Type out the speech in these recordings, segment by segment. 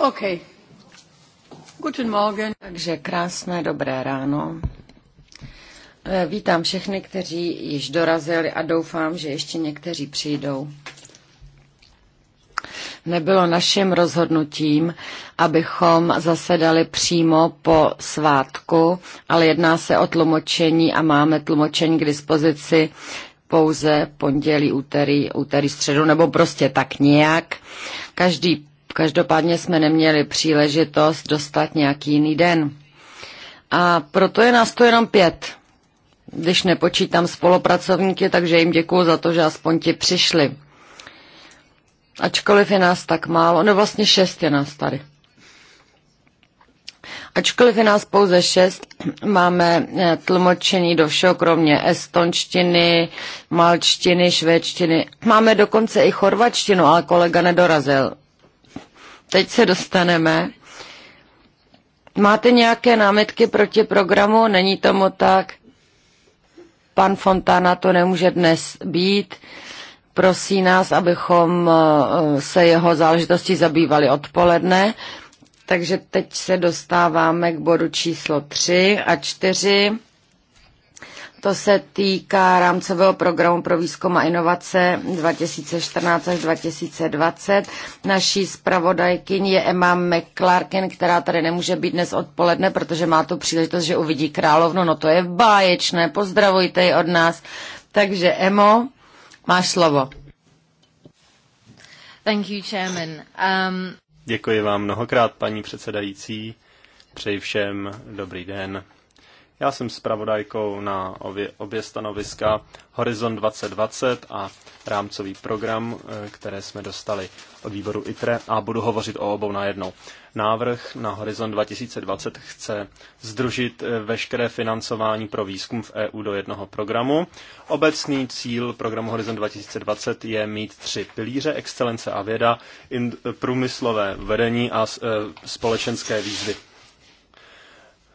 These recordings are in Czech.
Okay. Guten Morgen. Takže krásné dobré ráno. Eh, vítám všechny, kteří již dorazili a doufám, že ještě někteří přijdou. Nebylo naším rozhodnutím, abychom zasedali přímo po svátku, ale jedná se o tlumočení a máme tlumočení k dispozici pouze pondělí, úterý, úterý, středu, nebo prostě tak nějak. Každý Každopádně jsme neměli příležitost dostat nějaký jiný den. A proto je nás to jenom pět. Když nepočítám spolupracovníky, takže jim děkuju za to, že aspoň ti přišli. Ačkoliv je nás tak málo, no vlastně šest je nás tady. Ačkoliv je nás pouze šest, máme eh, tlumočení do všeho, kromě estonštiny, malčtiny, švédštiny. Máme dokonce i chorvačtinu, ale kolega nedorazil teď se dostaneme. Máte nějaké námitky proti programu? Není tomu tak. Pan Fontana to nemůže dnes být. Prosí nás, abychom eh, se jeho záležitostí zabývali odpoledne. Takže teď se dostáváme k bodu číslo 3 a 4 to se týká rámcového programu pro výzkum a inovace 2014 až 2020. Naší zpravodajkyn je Emma McClarkin, která tady nemůže být dnes odpoledne, protože má tu příležitost, že uvidí královnu. No to je báječné, pozdravujte ji od nás. Takže Emo, máš slovo. Thank you, Chairman. Um... Děkuji vám mnohokrát, paní předsedající. Přeji všem dobrý den. Já jsem zpravodajkou na obě, obě stanoviska Horizon 2020 a rámcový program, eh, které jsme dostali od výboru ITRE a budu hovořit o obou najednou. Návrh na Horizon 2020 chce združit eh, veškeré financování pro výzkum v EU do jednoho programu. Obecný cíl programu Horizon 2020 je mít tři pilíře, excelence a věda, in, eh, průmyslové vedení a společenské výzvy.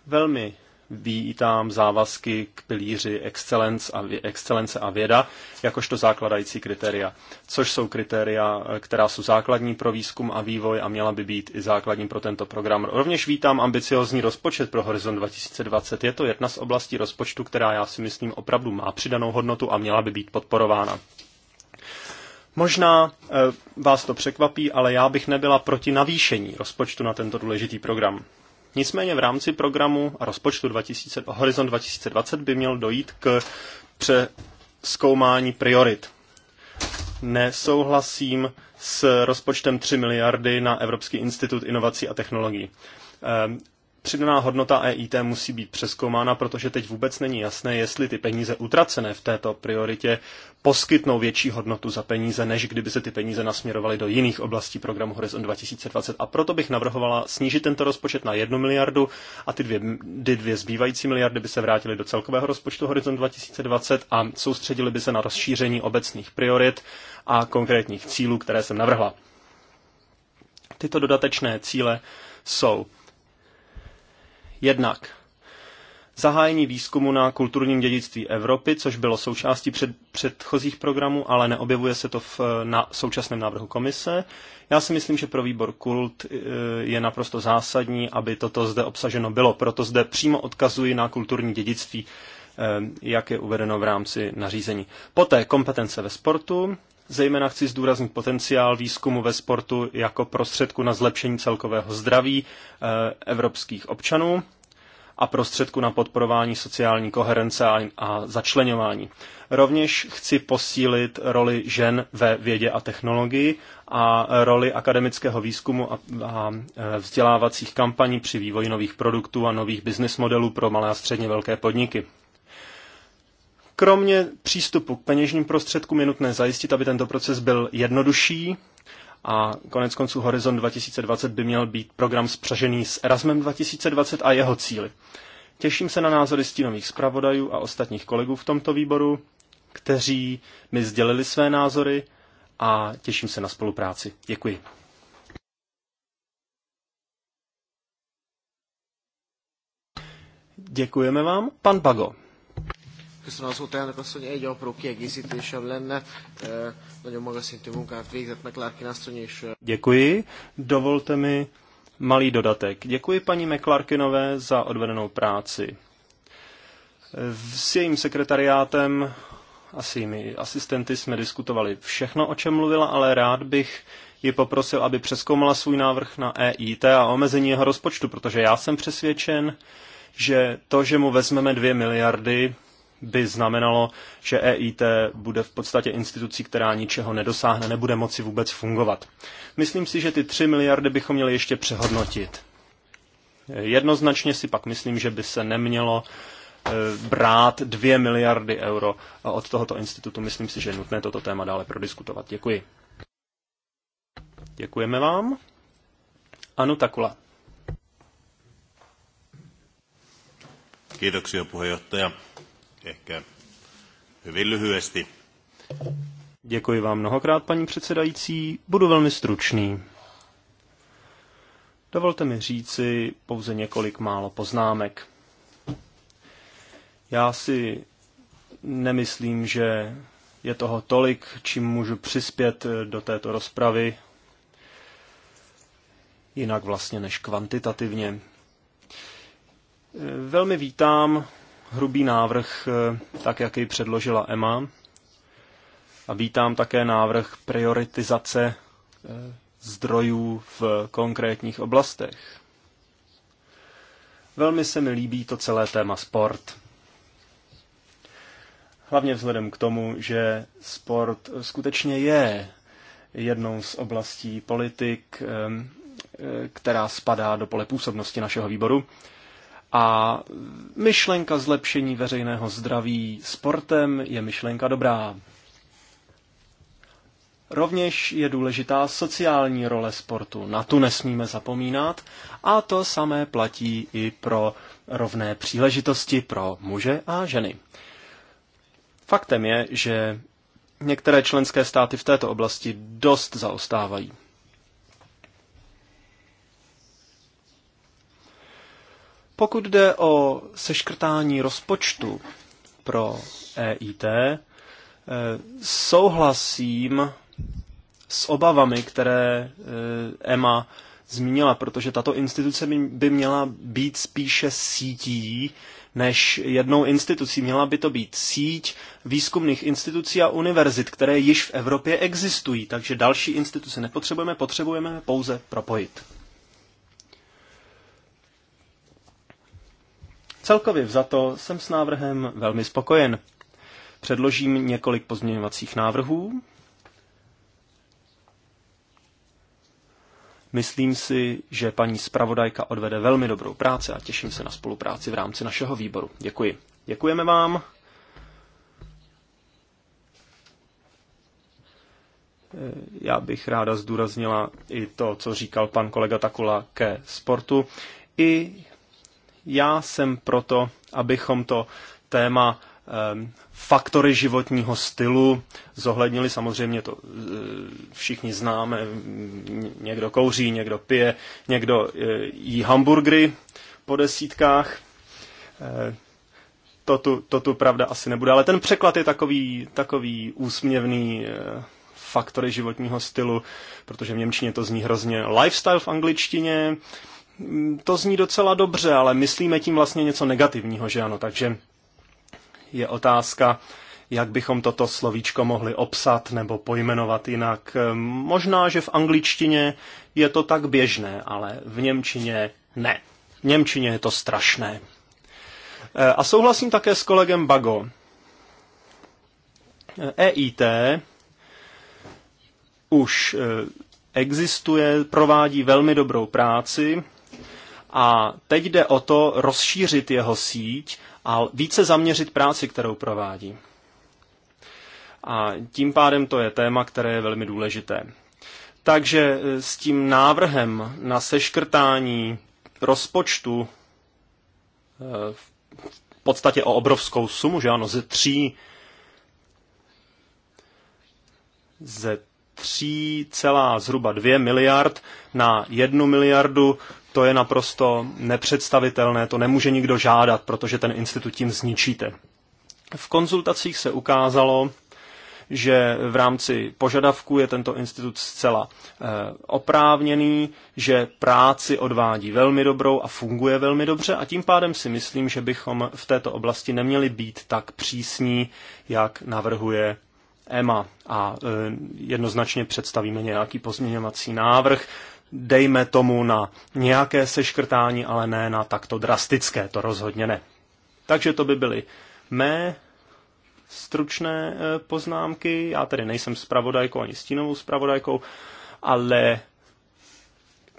Velmi vítám závazky k pilíři excelence a, excelence a věda jakožto základající kritéria, což jsou kritéria, eh, která jsou základní pro výzkum a vývoj a měla by být i základní pro tento program. Rovněž vítám ambiciozní rozpočet pro Horizon 2020. Je to jedna z oblastí rozpočtu, která já si myslím opravdu má přidanou hodnotu a měla by být podporována. Možná eh, vás to překvapí, ale já bych nebyla proti navýšení rozpočtu na tento důležitý program. Nicméně v rámci programu a rozpočtu 2000, Horizon 2020 by měl dojít k přeskoumání priorit. Nesouhlasím s rozpočtem 3 miliardy na Evropský institut inovací a technologií. Ehm, Přidaná hodnota EIT musí být přeskoumána, protože teď vůbec není jasné, jestli ty peníze utracené v této prioritě poskytnou větší hodnotu za peníze, než kdyby se ty peníze nasměrovaly do jiných oblastí programu Horizon 2020. A proto bych navrhovala snížit tento rozpočet na 1 miliardu a ty dvě, ty dvě zbývající miliardy by se vrátily do celkového rozpočtu Horizon 2020 a soustředily by se na rozšíření obecných priorit a konkrétních cílů, které jsem navrhla. Tyto dodatečné cíle jsou Jednak zahájení výzkumu na kulturním dědictví Evropy, což bylo součástí před, předchozích programů, ale neobjevuje se to v na současném návrhu komise. Já si myslím, že pro výbor kult e, je naprosto zásadní, aby toto zde obsaženo bylo. Proto zde přímo odkazuji na kulturní dědictví, e, jak je uvedeno v rámci nařízení. Poté kompetence ve sportu. Zejména chci zdůraznit potenciál výzkumu ve sportu jako prostředku na zlepšení celkového zdraví eh, evropských občanů a prostředku na podporování sociální koherence a začlenování. Rovněž chci posílit roli žen ve vědě a technologii a roli akademického výzkumu a e, vzdělávacích kampaní při vývoji nových produktů a nových business modelů pro malé a středně velké podniky. Kromě přístupu k peněžním prostředkům je nutné zajistit, aby tento proces byl jednodušší a konec konců Horizon 2020 by měl být program spřažený s Erasmem 2020 a jeho cíly. Těším se na názory stínových zpravodajů a ostatních kolegů v tomto výboru, kteří mi sdělili své názory a těším se na spolupráci. Děkuji. Děkujeme vám. Pan Bago. Köszönöm az szót, elnök asszony. Egy apró kiegészítésem lenne. Nagyon magas szintű munkát végzett McLarkin asszony, is. Děkuji. Dovolte mi malý dodatek. Děkuji paní McLarkinové za odvedenou práci. S jejím sekretariátem a s jejími asistenty jsme diskutovali všechno, o čem mluvila, ale rád bych ji poprosil, aby přeskoumala svůj návrh na EIT a omezení jeho rozpočtu, protože já jsem přesvědčen, že to, že mu vezmeme dvě miliardy, by znamenalo, že EIT bude v podstatě institucí, která ničeho nedosáhne, nebude moci vůbec fungovat. Myslím si, že ty 3 miliardy bychom měli ještě přehodnotit. Jednoznačně si pak myslím, že by se nemělo eh, brát 2 miliardy euro od tohoto institutu. Myslím si, že je nutné toto téma dále prodiskutovat. Děkuji. Děkujeme vám. Anu Takula. Kiitoksia puheenjohtaja hyvin lyhyesti. Děkuji vám mnohokrát, paní předsedající. Budu velmi stručný. Dovolte mi říci pouze několik málo poznámek. Já si nemyslím, že je toho tolik, čím můžu přispět do této rozpravy, jinak vlastně než kvantitativně. Velmi vítám hrubý návrh, eh, tak jak jej předložila Emma, A vítám také návrh prioritizace eh, zdrojů v konkrétních oblastech. Velmi se mi líbí to celé téma sport. Hlavně vzhledem k tomu, že sport skutečně je jednou z oblastí politik, eh, která spadá do pole působnosti našeho výboru a myšlenka zlepšení veřejného zdraví sportem je myšlenka dobrá. Rovněž je důležitá sociální role sportu, na tu nesmíme zapomínat a to samé platí i pro rovné příležitosti pro muže a ženy. Faktem je, že některé členské státy v této oblasti dost zaostávají. Pokud jde o seškrtání rozpočtu pro EIT, eh, souhlasím s obavami, které EMA eh, zmínila, protože tato instituce by měla být spíše sítí než jednou institucí. Měla by to být síť výzkumných institucí a univerzit, které již v Evropě existují, takže další instituce nepotřebujeme, potřebujeme pouze propojit. Celkově vzato jsem s návrhem velmi spokojen. Předložím několik pozměňovacích návrhů. Myslím si, že paní zpravodajka odvede velmi dobrou práci a těším se na spolupráci v rámci našeho výboru. Děkuji. Děkujeme vám. Já bych ráda zdůraznila i to, co říkal pan kolega Takula ke sportu. I já jsem proto, abychom to téma ehm, faktory životního stylu zohlednili. Samozřejmě to eh, všichni známe. Někdo kouří, někdo pije, někdo eh, jí hamburgery po desítkách. Eh, to tu, to tu pravda asi nebude, ale ten překlad je takový, takový úsměvný faktory životního stylu, protože v Němčině to zní hrozně lifestyle v angličtině, to zní docela dobře, ale myslíme tím vlastně něco negativního, že ano? Takže je otázka, jak bychom toto slovíčko mohli obsat nebo pojmenovat jinak. Možná, že v angličtině je to tak běžné, ale v Němčině ne. V Němčině je to strašné. E, a souhlasím také s kolegem Bago. EIT e už e, existuje, provádí velmi dobrou práci a teď jde o to rozšířit jeho síť a více zaměřit práci, kterou provádí. A tím pádem to je téma, které je velmi důležité. Takže e, s tím návrhem na seškrtání rozpočtu e, v podstatě o obrovskou sumu, že ano, ze tří ze 3, zhruba 2 miliard na 1 miliardu to je naprosto nepředstavitelné, to nemůže nikdo žádat, protože ten institut tím zničíte. V konzultacích se ukázalo, že v rámci požadavku je tento institut zcela eh, oprávněný, že práci odvádí velmi dobrou a funguje velmi dobře a tím pádem si myslím, že bychom v této oblasti neměli být tak přísní, jak navrhuje EMA a eh, jednoznačně představíme nějaký pozměňovací návrh, dejme tomu na nějaké seškrtání, ale ne na takto drastické, to rozhodně ne. Takže to by byly mé stručné e, poznámky. Já tedy nejsem spravodajkou ani stínovou spravodajkou, ale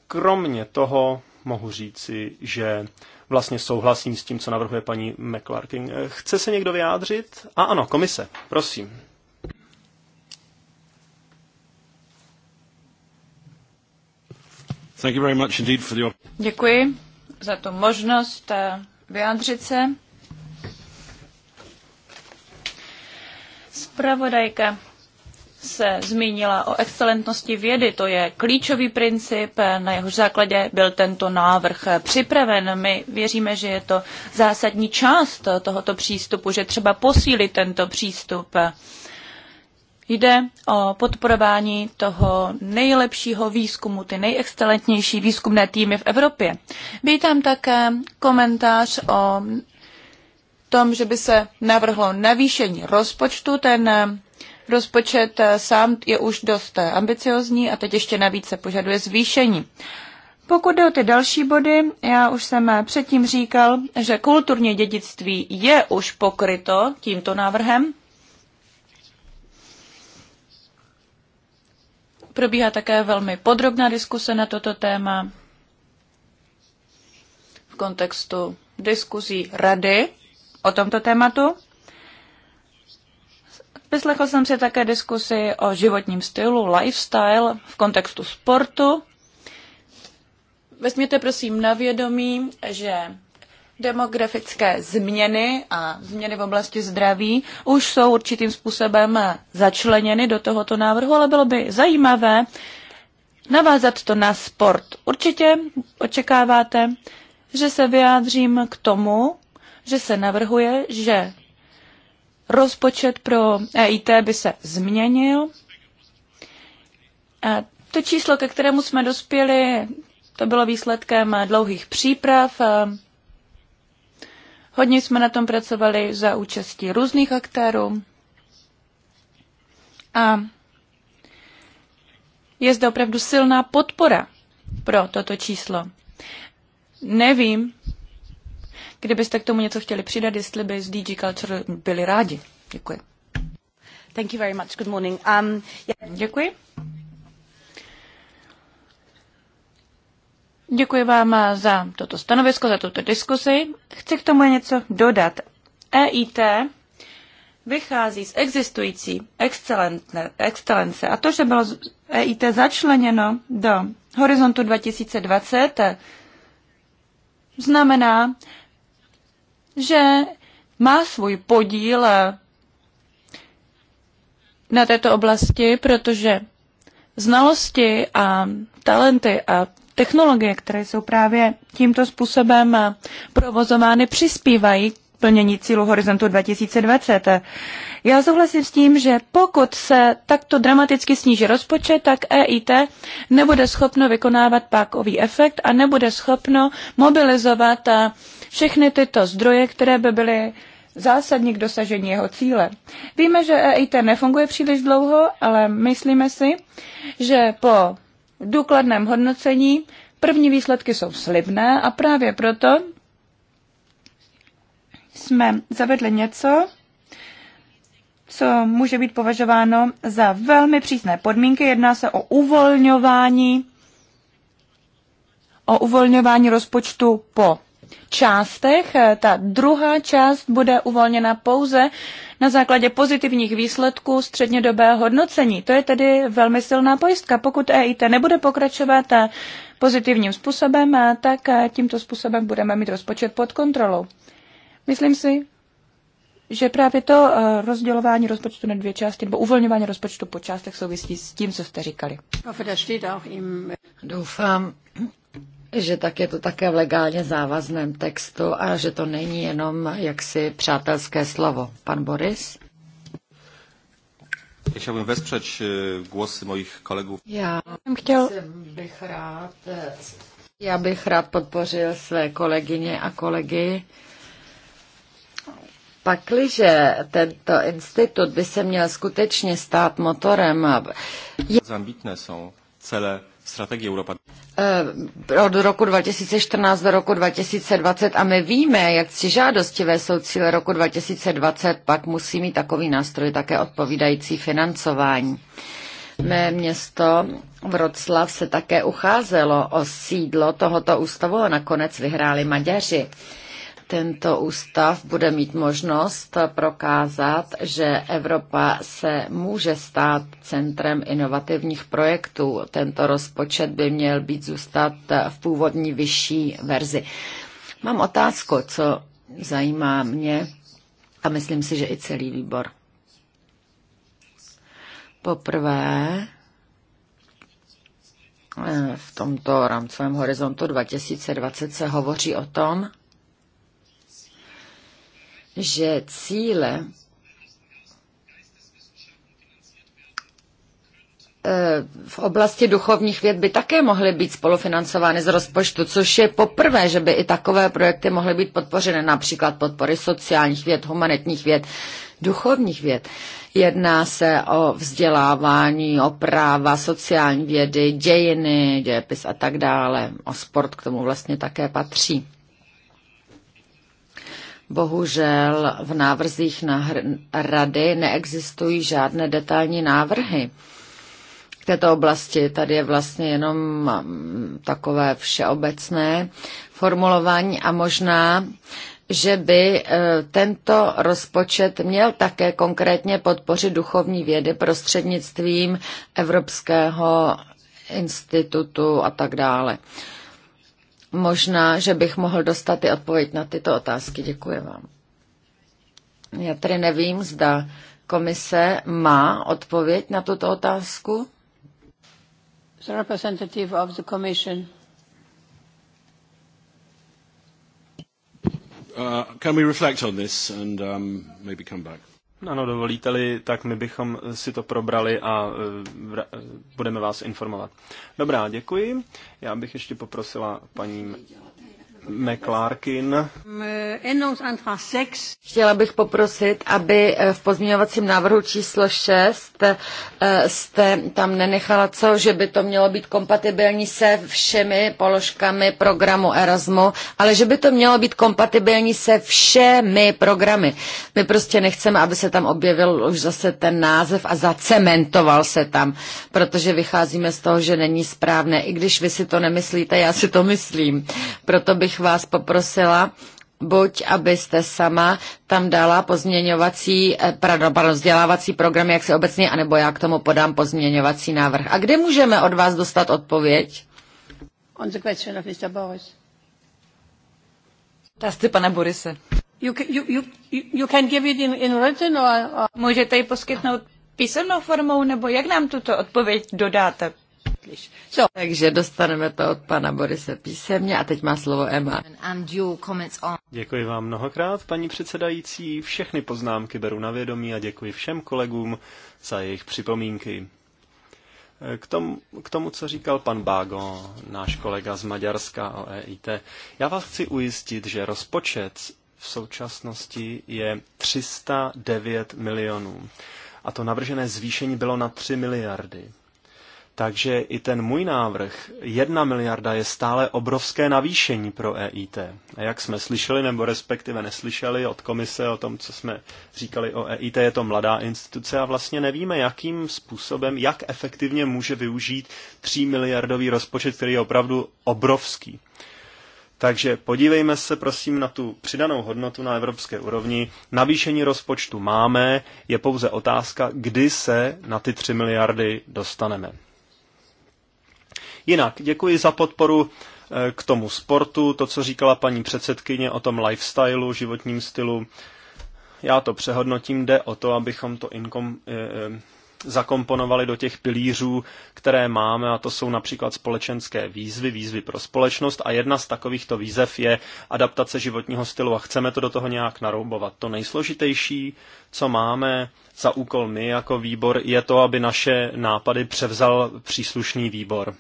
kromě toho mohu říci, že vlastně souhlasím s tím, co navrhuje paní McClarkin. E, chce se někdo vyjádřit? A ano, komise, prosím. Děkuji za tu možnost eh, vyjádřit se. Spravodajka se zmínila o excelentnosti vědy. To je klíčový princip, eh, na jeho základě byl tento návrh eh, připraven. My věříme, že je to zásadní část tohoto přístupu, že třeba posílit tento přístup. Jde o podporování toho nejlepšího výzkumu, ty nejexcelentnější výzkumné týmy v Evropě. Vítám také komentář o tom, že by se navrhlo navýšení rozpočtu. Ten eh, rozpočet eh, sám je už dost eh, ambiciozní a teď ještě navíc se požaduje zvýšení. Pokud jde o ty další body, já už jsem předtím říkal, že kulturní dědictví je už pokryto tímto návrhem. Probíhá také velmi podrobná diskuse na toto téma v kontextu diskuzí rady o tomto tématu. Vyslechl jsem si také diskusi o životním stylu, lifestyle v kontextu sportu. Vezměte prosím na vědomí, že demografické změny a změny v oblasti zdraví už jsou určitým způsobem začleněny do tohoto návrhu, ale bylo by zajímavé navázat to na sport. Určitě očekáváte, že se vyjádřím k tomu, že se navrhuje, že rozpočet pro EIT by se změnil. A to číslo, ke kterému jsme dospěli, to bylo výsledkem dlouhých příprav. Hodně jsme na tom pracovali za účastí různých aktérů a je zde opravdu silná podpora pro toto číslo. Nevím, kdybyste k tomu něco chtěli přidat, jestli by z DG Culture byli rádi. Děkuji. Thank you very much. Good morning. Um, yeah. Děkuji. Děkuji vám za toto stanovisko, za tuto diskusi. Chci k tomu něco dodat. EIT vychází z existující excelence a to, že bylo EIT začleněno do horizontu 2020, znamená, že má svůj podíl na této oblasti, protože znalosti a talenty a technologie, které jsou právě tímto způsobem provozovány, přispívají k plnění cílu Horizontu 2020. Já souhlasím s tím, že pokud se takto dramaticky sníží rozpočet, tak EIT nebude schopno vykonávat pákový efekt a nebude schopno mobilizovat všechny tyto zdroje, které by byly zásadní k dosažení jeho cíle. Víme, že EIT nefunguje příliš dlouho, ale myslíme si, že po důkladném hodnocení. První výsledky jsou slibné a právě proto jsme zavedli něco, co může být považováno za velmi přísné podmínky. Jedná se o uvolňování, o uvolňování rozpočtu po částech. Eh, ta druhá část bude uvolněna pouze na základě pozitivních výsledků střednědobého hodnocení. To je tedy velmi silná pojistka. Pokud EIT nebude pokračovat eh, pozitivním způsobem, eh, tak tímto způsobem budeme mít rozpočet pod kontrolou. Myslím si, že právě to rozdělování rozpočtu na dvě části nebo uvolňování rozpočtu po částech souvisí s tím, co jste říkali. Doufám, že tak je to také v legálně závazném textu a že to není jenom jaksi přátelské slovo. Pan Boris? Já bych wesprzeć e, głosy moich Já chtěl... bych rád, já bych rád podpořil své kolegyně a kolegy. Pakliže tento institut by se měl skutečně stát motorem, je... Zambitné jsou cele strategii Europa. Eh, od roku 2014 do roku 2020 a my víme, jak si žádostivé jsou cíle roku 2020, pak musí mít takový nástroj také odpovídající financování. Mé město Vroclav se také ucházelo o sídlo tohoto ústavu a nakonec vyhráli Maďaři. Tento ústav bude mít možnost prokázat, že Evropa se může stát centrem inovativních projektů. Tento rozpočet by měl být zůstat v původní vyšší verzi. Mám otázku, co zajímá mě a myslím si, že i celý výbor. Poprvé eh, v tomto rámcovém horizontu 2020 se hovoří o tom, že cíle eh, v oblasti duchovních věd by také mohly být spolufinancovány z rozpočtu, což je poprvé, že by i takové projekty mohly být podpořeny, například podpory sociálních věd, humanitních věd, duchovních věd. Jedná se o vzdělávání, o práva, sociální vědy, dějiny, dějepis a tak dále. O sport k tomu vlastně také patří. Bohužel v návrzích na rady neexistují žádné detailní návrhy V této oblasti. Tady je vlastně jenom um, takové všeobecné formulování a možná že by eh, tento rozpočet měl také konkrétně podpořit duchovní vědy prostřednictvím Evropského institutu a tak dále. Možná, že bych mohl dostat i odpověď na tyto otázky. Děkuji vám. Já tedy nevím, zda komise má odpověď na tuto otázku. The representative of the commission. Uh, can we reflect on this and um, maybe come back? Ano, dovolíte-li, tak my bychom eh, si to probrali a eh, eh, budeme vás informovat. Dobrá, děkuji. Já bych ještě poprosila paní McClarkin. Chtěla bych poprosit, aby eh, v pozměňovacím návrhu číslo 6 eh, jste tam nenechala co, že by to mělo být kompatibilní se všemi položkami programu Erasmu, ale že by to mělo být kompatibilní se všemi programy. My prostě nechceme, aby se tam objevil už zase ten název a zacementoval se tam, protože vycházíme z toho, že není správné. I když vy si to nemyslíte, já si to myslím. Proto bych bych vás poprosila, buď abyste sama tam dala pozměňovací, eh, pardon, pardon, vzdělávací program, jak se obecně, anebo já k tomu podám pozměňovací návrh. A kde můžeme od vás dostat odpověď? On the Tasty, pane Borise. You can, give it in, Můžete ji poskytnout písemnou formou, nebo jak nám tuto odpověď dodáte? So. Takže dostaneme to od pana Borise písemně a teď má slovo Emma. Děkuji vám mnohokrát, paní předsedající. Všechny poznámky beru na vědomí a děkuji všem kolegům za jejich připomínky. K tomu, k tomu, co říkal pan Bágo, náš kolega z Maďarska o EIT, já vás chci ujistit, že rozpočet v současnosti je 309 milionů. A to navržené zvýšení bylo na 3 miliardy. Takže i ten můj návrh, jedna miliarda je stále obrovské navýšení pro EIT. A jak jsme slyšeli, nebo respektive neslyšeli od komise o tom, co jsme říkali o EIT, je to mladá instituce a vlastně nevíme, jakým způsobem, jak efektivně může využít 3 miliardový rozpočet, který je opravdu obrovský. Takže podívejme se prosím na tu přidanou hodnotu na evropské úrovni. Navýšení rozpočtu máme, je pouze otázka, kdy se na ty 3 miliardy dostaneme. Jinak děkuji za podporu eh, k tomu sportu, to, co říkala paní předsedkyně o tom lifestylu, životním stylu. Já to přehodnotím, jde o to, abychom to inkom, eh, eh, zakomponovali do těch pilířů, které máme, a to jsou například společenské výzvy, výzvy pro společnost a jedna z takovýchto výzev je adaptace životního stylu a chceme to do toho nějak naroubovat. To nejsložitější, co máme za úkol my jako výbor, je to, aby naše nápady převzal příslušný výbor.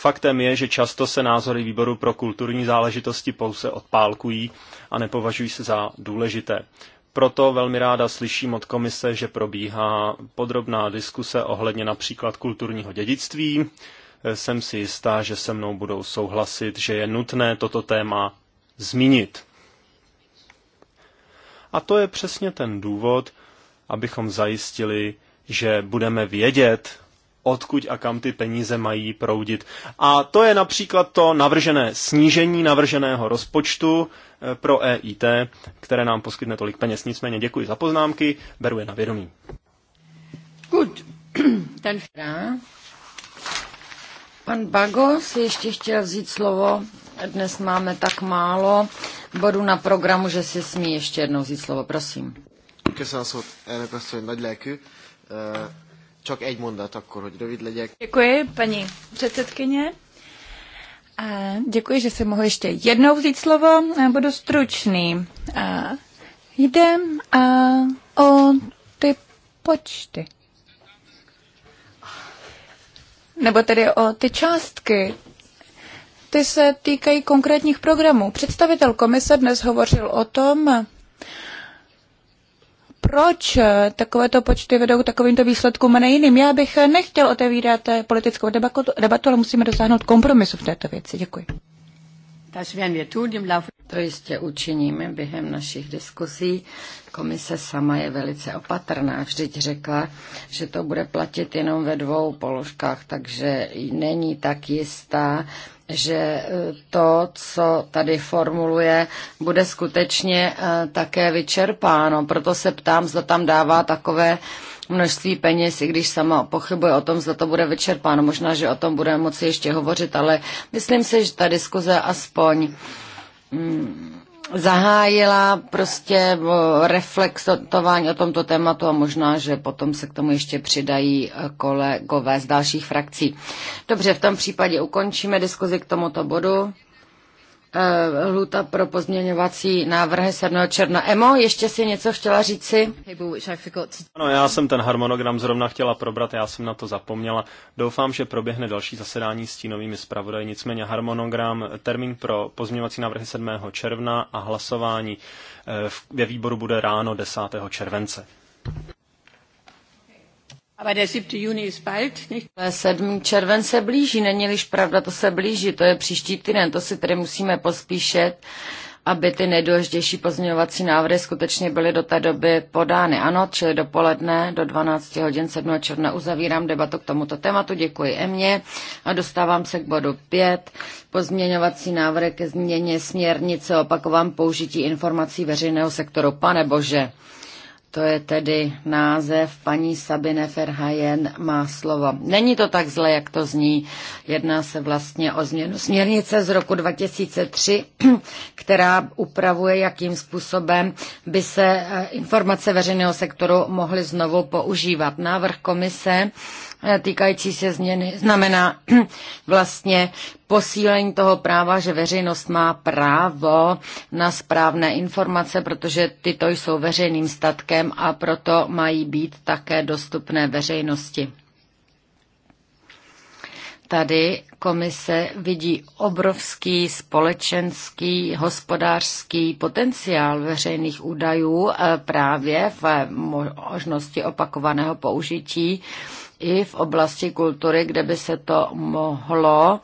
Faktem je, že často se názory výboru pro kulturní záležitosti pouze odpálkují a nepovažují se za důležité. Proto velmi ráda slyším od komise, že probíhá podrobná diskuse ohledně například kulturního dědictví. Jsem si jistá, že se mnou budou souhlasit, že je nutné toto téma zmínit. A to je přesně ten důvod, abychom zajistili, že budeme vědět, odkud a kam ty peníze mají proudit. A to je například to navržené snížení navrženého rozpočtu eh, pro EIT, které nám poskytne tolik peněz. Nicméně děkuji za poznámky, beru je na vědomí. Good. Ten Pan Bago si ještě chtěl vzít slovo. Dnes máme tak málo bodů na programu, že si smí ještě jednou vzít slovo. Prosím. Köszönöm a szót, elnök asszony, nagy Csak egy mondat akkor, hogy rövid legyek. Děkuji, paní předsedkyně. A děkuji, že jsem mohl ještě jednou vzít slovo. Budu stručný. A jde a o ty počty. Nebo tedy o ty částky, ty se týkají konkrétních programů. Představitel komise dnes hovořil o tom, proč eh, takovéto počty vedou k takovýmto výsledkům a ne jiným. Já bych eh, nechtěl otevírat eh, politickou debatu, ale musíme dosáhnout kompromisu v této věci. Děkuji. To jistě učiníme během našich diskusí. Komise sama je velice opatrná. Vždyť řekla, že to bude platit jenom ve dvou položkách, takže není tak jistá, že e, to, co tady formuluje, bude skutečně e, také vyčerpáno. Proto se ptám, zda tam dává takové množství peněz, i když sama pochybuje o tom, zda to bude vyčerpáno. Možná, že o tom budeme moci ještě hovořit, ale myslím si, že ta diskuze aspoň. Hmm, zahájila prostě reflexování o tomto tématu a možná, že potom se k tomu ještě přidají e, kolegové z dalších frakcí. Dobře, v tom případě ukončíme diskuzi k tomuto bodu. Eh, Lhuta pro pozměňovací návrhy 7. června. Emo, ještě si něco chtěla říci? Ano, já jsem ten harmonogram zrovna chtěla probrat, já jsem na to zapomněla. Doufám, že proběhne další zasedání s tínovými zpravodaji. Nicméně harmonogram, termín pro pozměňovací návrhy 7. června a hlasování eh, ve výboru bude ráno 10. července. Ale 7. 7. červen se blíží, není-liž pravda, to se blíží, to je příští týden, to si tedy musíme pospíšet, aby ty nejdůležitější pozměňovací návrhy skutečně byly do té doby podány. Ano, čili dopoledne do 12 hodin 7. června uzavírám debatu k tomuto tématu. Děkuji Emě a dostávám se k bodu 5. Pozměňovací návrh ke změně směrnice opakovám použití informací veřejného sektoru. Pane Bože. To je tedy název paní Sabine Ferhajen má slovo. Není to tak zle, jak to zní. Jedná se vlastně o změnu směrnice z roku 2003, která upravuje, jakým způsobem by se eh, informace veřejného sektoru mohly znovu používat. Návrh komise Eh, týkající se změny znamená vlastně posílení toho práva, že veřejnost má právo na správné informace, protože tyto jsou veřejným statkem a proto mají být také dostupné veřejnosti. Tady komise vidí obrovský společenský, hospodářský potenciál veřejných údajů eh, právě v eh, možnosti opakovaného použití i v oblasti kultury, kde by se to mohlo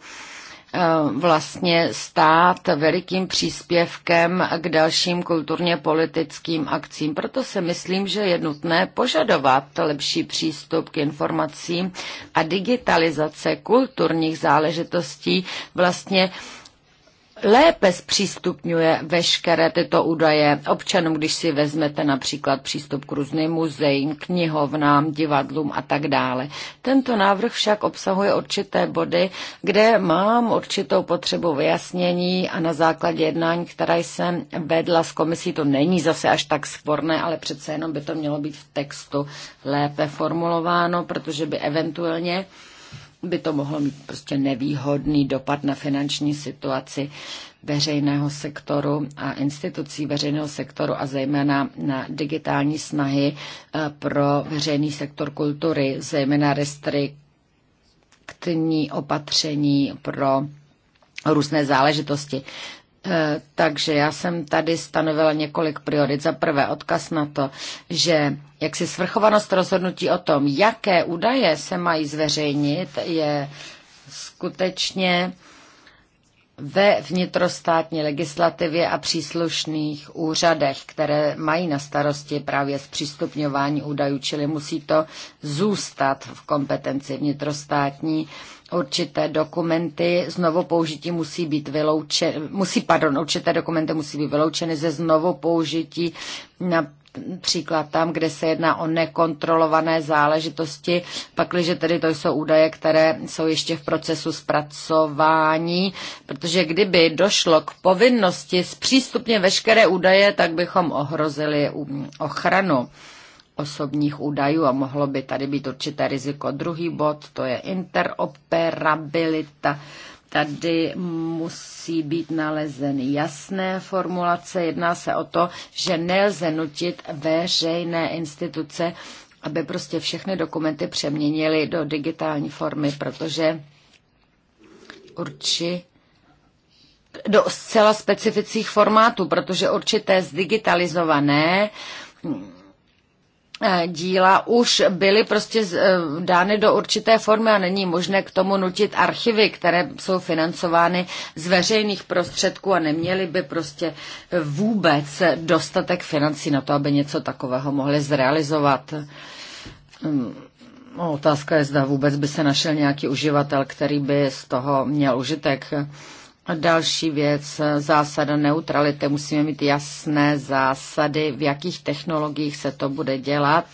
eh, vlastně stát velikým příspěvkem k dalším kulturně politickým akcím. Proto si myslím, že je nutné požadovat lepší přístup k informacím a digitalizace kulturních záležitostí vlastně lépe zpřístupňuje veškeré tyto údaje občanům, když si vezmete například přístup k různým muzeím, knihovnám, divadlům a tak dále. Tento návrh však obsahuje určité body, kde mám určitou potřebu vyjasnění a na základě jednání, které jsem vedla s komisí, to není zase až tak sporné, ale přece jenom by to mělo být v textu lépe formulováno, protože by eventuálně by to mohlo mít prostě nevýhodný dopad na finanční situaci veřejného sektoru a institucí veřejného sektoru a zejména na digitální snahy eh, pro veřejný sektor kultury, zejména restriktní opatření pro různé záležitosti. Eh, takže já jsem tady stanovila několik priorit. Za prvé odkaz na to, že jak si svrchovanost rozhodnutí o tom, jaké údaje se mají zveřejnit, je skutečně ve vnitrostátní legislativě a příslušných úřadech, které mají na starosti právě zpřístupňování údajů, čili musí to zůstat v kompetenci vnitrostátní určité dokumenty znovu použití musí být vyloučeny, musí, pardon, určité dokumenty musí být vyloučeny ze znovu použití na příklad tam, kde se jedná o nekontrolované záležitosti, pakliže tedy to jsou údaje, které jsou ještě v procesu zpracování, protože kdyby došlo k povinnosti zpřístupně veškeré údaje, tak bychom ohrozili mm, ochranu osobních údajů a mohlo by tady být určité riziko. Druhý bod to je interoperabilita. Tady musí být nalezeny jasné formulace. Jedná se o to, že nelze nutit veřejné instituce, aby prostě všechny dokumenty přeměnily do digitální formy, protože určitě do zcela specifických formátů, protože určité zdigitalizované Eh, díla už byly prostě eh, dány do určité formy a není možné k tomu nutit archivy, které jsou financovány z veřejných prostředků a neměly by prostě vůbec dostatek financí na to, aby něco takového mohly zrealizovat. Mm, no, otázka je, zda vůbec by se našel nějaký uživatel, který by z toho měl užitek. Další věc, zásada neutrality. Musíme mít jasné zásady, v jakých technologiích se to bude dělat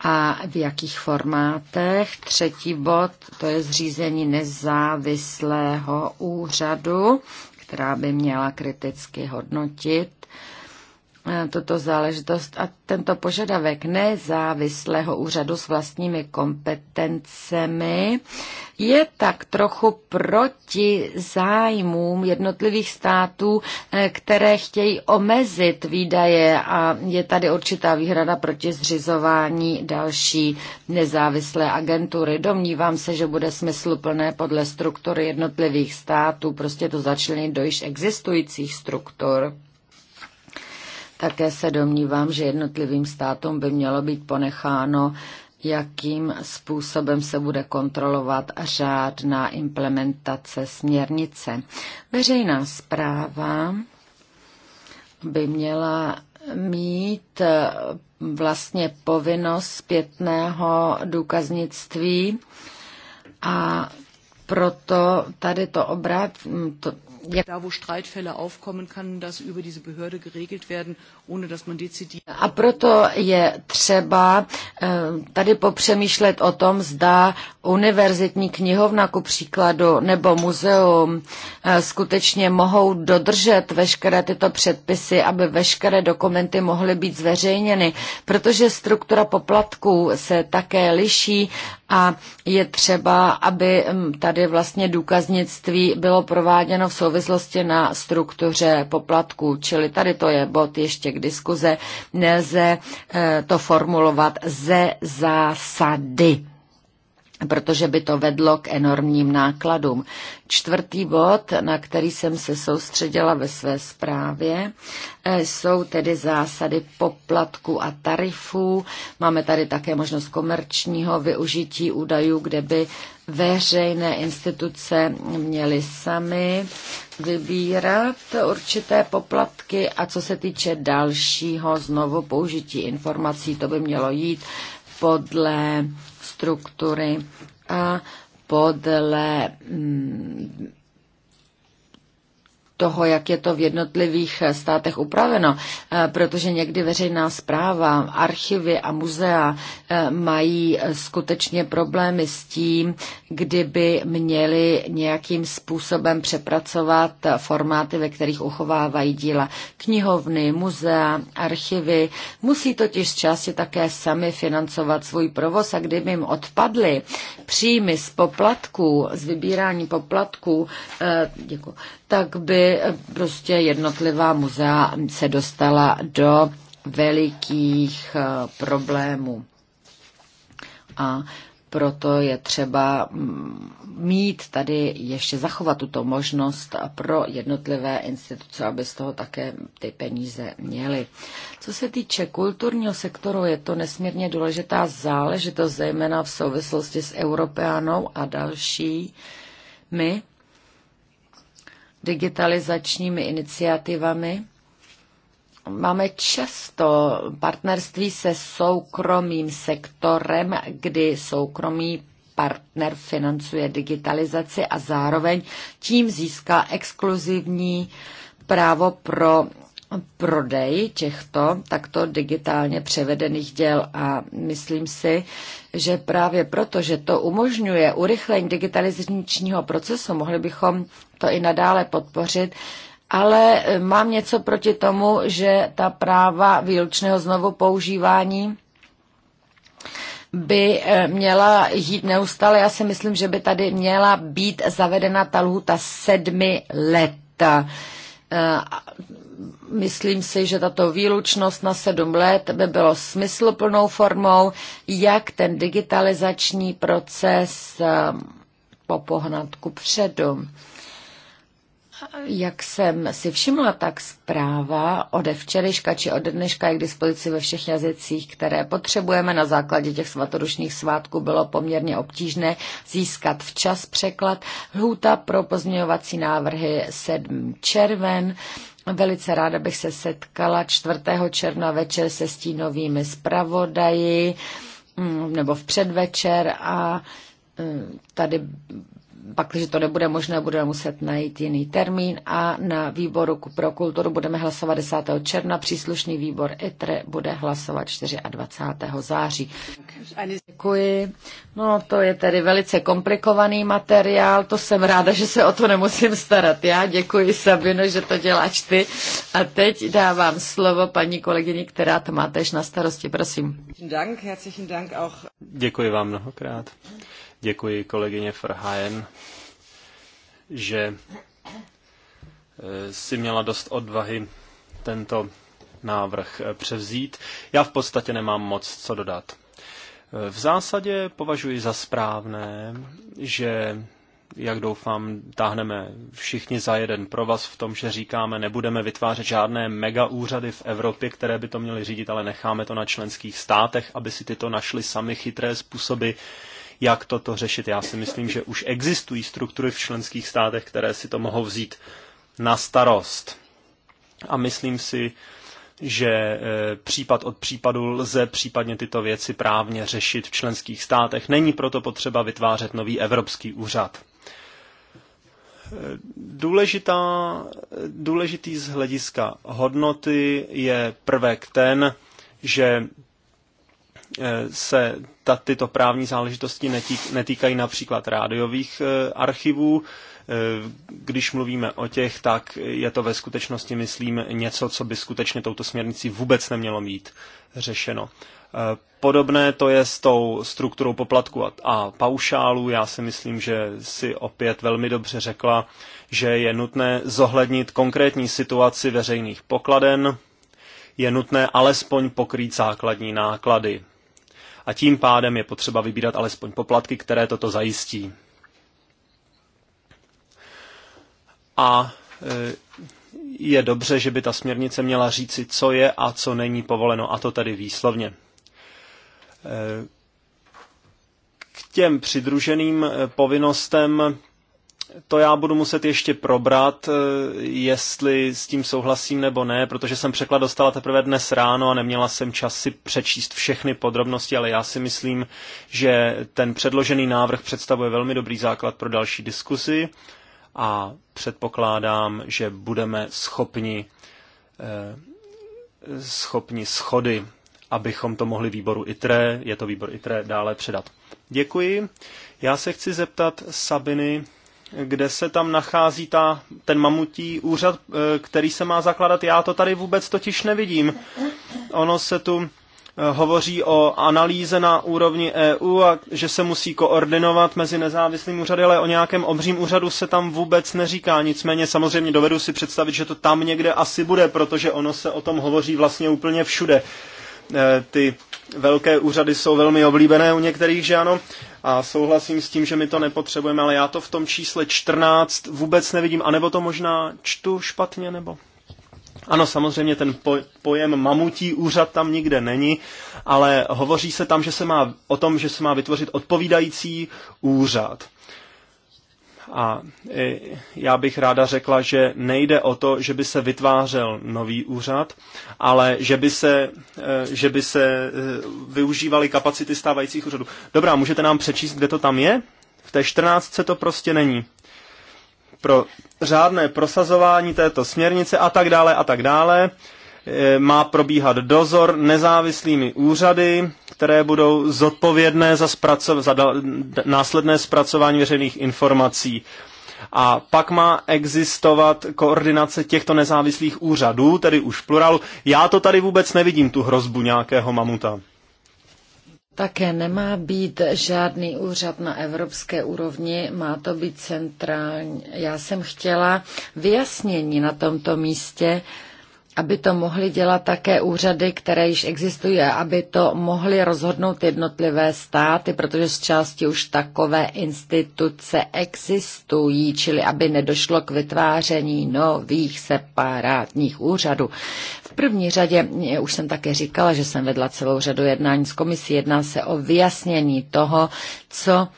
a v jakých formátech. Třetí bod, to je zřízení nezávislého úřadu, která by měla kriticky hodnotit Eh, tuto záležitost a tento požadavek nezávislého úřadu s vlastními kompetencemi je tak trochu proti zájmům jednotlivých států, eh, které chtějí omezit výdaje a je tady určitá výhrada proti zřizování další nezávislé agentury. Domnívám se, že bude smysluplné podle struktury jednotlivých států prostě to začlenit do již existujících struktur také se domnívám, že jednotlivým státům by mělo být ponecháno, jakým způsobem se bude kontrolovat řádná implementace směrnice. Veřejná zpráva by měla mít eh, vlastně povinnost zpětného důkaznictví a proto tady to obrát, to, a proto je třeba eh, tady popřemýšlet o tom, zda univerzitní knihovna ku příkladu nebo muzeum eh, skutečně mohou dodržet veškeré tyto předpisy, aby veškeré dokumenty mohly být zveřejněny, protože struktura poplatků se také liší a je třeba, aby mm, tady vlastně důkaznictví bylo prováděno v souvislosti na struktuře poplatků, čili tady to je bod ještě k diskuze, nelze eh, to formulovat ze zásady protože by to vedlo k enormním nákladům. Čtvrtý bod, na který jsem se soustředila ve své zprávě, eh, jsou tedy zásady poplatku a tarifů. Máme tady také možnost komerčního využití údajů, kde by veřejné instituce měly sami vybírat určité poplatky a co se týče dalšího znovu použití informací, to by mělo jít podle struktury a podle mm, toho, jak je to v jednotlivých eh, státech upraveno, eh, protože někdy veřejná zpráva, archivy a muzea eh, mají skutečně problémy s tím, kdyby měli nějakým způsobem přepracovat formáty, ve kterých uchovávají díla. Knihovny, muzea, archivy musí totiž z části také sami financovat svůj provoz a kdyby jim odpadly příjmy z poplatků, z vybírání poplatků, děkuji, tak by prostě jednotlivá muzea se dostala do velikých eh, problémů. A proto je třeba mm, mít tady ještě zachovat tuto možnost pro jednotlivé instituce, aby z toho také ty peníze měly. Co se týče kulturního sektoru, je to nesmírně důležitá záležitost, zejména v souvislosti s Europeanou a dalšími digitalizačními iniciativami. Máme často partnerství se soukromým sektorem, kdy soukromý partner financuje digitalizaci a zároveň tím získá exkluzivní právo pro prodej těchto takto digitálně převedených děl a myslím si, že právě proto, že to umožňuje urychlení digitalizačního procesu, mohli bychom to i nadále podpořit, ale e, mám něco proti tomu, že ta práva výlučného znovu používání by e, měla jít neustále. Já si myslím, že by tady měla být zavedena ta lhuta sedmi let e, myslím si, že tato výlučnost na sedm let by bylo smysluplnou formou, jak ten digitalizační proces um, popohnat ku předu. Jak jsem si všimla, tak zpráva ode včerejška či ode dneška je k dispozici ve všech jazycích, které potřebujeme. Na základě těch svatodušních svátků bylo poměrně obtížné získat včas překlad. Lhůta pro pozměňovací návrhy 7 červen Velice ráda bych se setkala 4. června večer se stínovými zpravodaji mm, nebo v předvečer a mm, tady pak, když to nebude možné, budeme muset najít jiný termín a na výboru pro kulturu budeme hlasovat 10. června, příslušný výbor ITRE bude hlasovat 24. září. Děkuji. No, to je tedy velice komplikovaný materiál, to jsem ráda, že se o to nemusím starat. Já děkuji Sabino, že to děláš ty. A teď dávám slovo paní kolegyni, která to má tež na starosti, prosím. Děkuji vám mnohokrát. Děkuji kolegyně Frhajen, že eh, si měla dost odvahy tento návrh eh, převzít. Já v podstatě nemám moc co dodat. Eh, v zásadě považuji za správné, že jak doufám, táhneme všichni za jeden provaz v tom, že říkáme, nebudeme vytvářet žádné mega úřady v Evropě, které by to měly řídit, ale necháme to na členských státech, aby si tyto našli sami chytré způsoby, jak toto řešit. Já si myslím, že už existují struktury v členských státech, které si to mohou vzít na starost. A myslím si, že e, případ od případu lze případně tyto věci právně řešit v členských státech. Není proto potřeba vytvářet nový evropský úřad. E, důležitá, důležitý z hlediska hodnoty je prvek ten, že Eh, se ta, tyto právní záležitosti netýk, netýkají například rádiových eh, archivů. Eh, když mluvíme o těch, tak je to ve skutečnosti, myslím, něco, co by skutečně touto směrnicí vůbec nemělo mít řešeno. Podobné to je s tou strukturou poplatku a, a paušálu. Já si myslím, že si opět velmi dobře řekla, že je nutné zohlednit konkrétní situaci veřejných pokladen, je nutné alespoň pokrýt základní náklady a tím pádem je potřeba vybírat alespoň poplatky, které toto zajistí. A e, je dobře, že by ta směrnice měla říci, co je a co není povoleno, a to tedy výslovně. E, k těm přidruženým e, povinnostem to já budu muset ještě probrat, eh, jestli s tím souhlasím nebo ne, protože jsem překlad dostala teprve dnes ráno a neměla jsem čas si přečíst všechny podrobnosti, ale já si myslím, že ten předložený návrh představuje velmi dobrý základ pro další diskusi a předpokládám, že budeme schopni, eh, schopni schody, abychom to mohli výboru ITRE, je to výbor ITRE, dále předat. Děkuji. Já se chci zeptat Sabiny, kde se tam nachází ta, ten mamutí úřad, eh, který se má zakládat. Já to tady vůbec totiž nevidím. Ono se tu eh, hovoří o analýze na úrovni EU a že se musí koordinovat mezi nezávislým úřady, ale o nějakém obřím úřadu se tam vůbec neříká. Nicméně samozřejmě dovedu si představit, že to tam někde asi bude, protože ono se o tom hovoří vlastně úplně všude. Eh, ty velké úřady jsou velmi oblíbené u některých, že ano a souhlasím s tím, že my to nepotřebujeme, ale já to v tom čísle 14 vůbec nevidím, anebo to možná čtu špatně, nebo... Ano, samozřejmě ten pojem mamutí úřad tam nikde není, ale hovoří se tam že se má, o tom, že se má vytvořit odpovídající úřad. A e, já bych ráda řekla, že nejde o to, že by se vytvářel nový úřad, ale že by se, e, že by se e, využívaly kapacity stávajících úřadů. Dobrá, můžete nám přečíst, kde to tam je? V té 14 to prostě není. Pro řádné prosazování této směrnice a tak dále a tak dále Eh, má probíhat dozor nezávislými úřady, které budou zodpovědné za, zpraco- za následné zpracování veřejných informací. A pak má existovat koordinace těchto nezávislých úřadů, tedy už v Já to tady vůbec nevidím, tu hrozbu nějakého mamuta. Také nemá být žádný úřad na evropské úrovni, má to být centrální. Já jsem chtěla vyjasnění na tomto místě, aby to mohly dělat také úřady, které již existují, aby to mohly rozhodnout jednotlivé státy, protože z části už takové instituce existují, čili aby nedošlo k vytváření nových separátních úřadů. V první řadě, eh, už jsem také říkala, že jsem vedla celou řadu jednání s komisí, jedná se o vyjasnění toho, co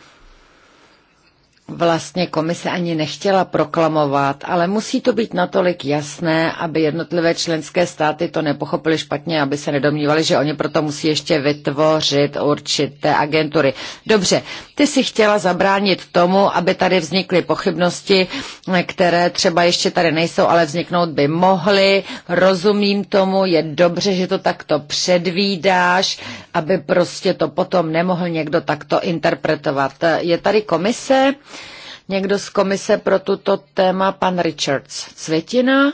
vlastně komise ani nechtěla proklamovat, ale musí to být natolik jasné, aby jednotlivé členské státy to nepochopily špatně, aby se nedomnívali, že oni proto musí ještě vytvořit určité agentury. Dobře, ty si chtěla zabránit tomu, aby tady vznikly pochybnosti, které třeba ještě tady nejsou, ale vzniknout by mohly. Rozumím tomu, je dobře, že to takto předvídáš, aby prostě to potom nemohl někdo takto interpretovat. Je tady komise, Někdo z komise pro tuto téma, pan Richards. Cvětina?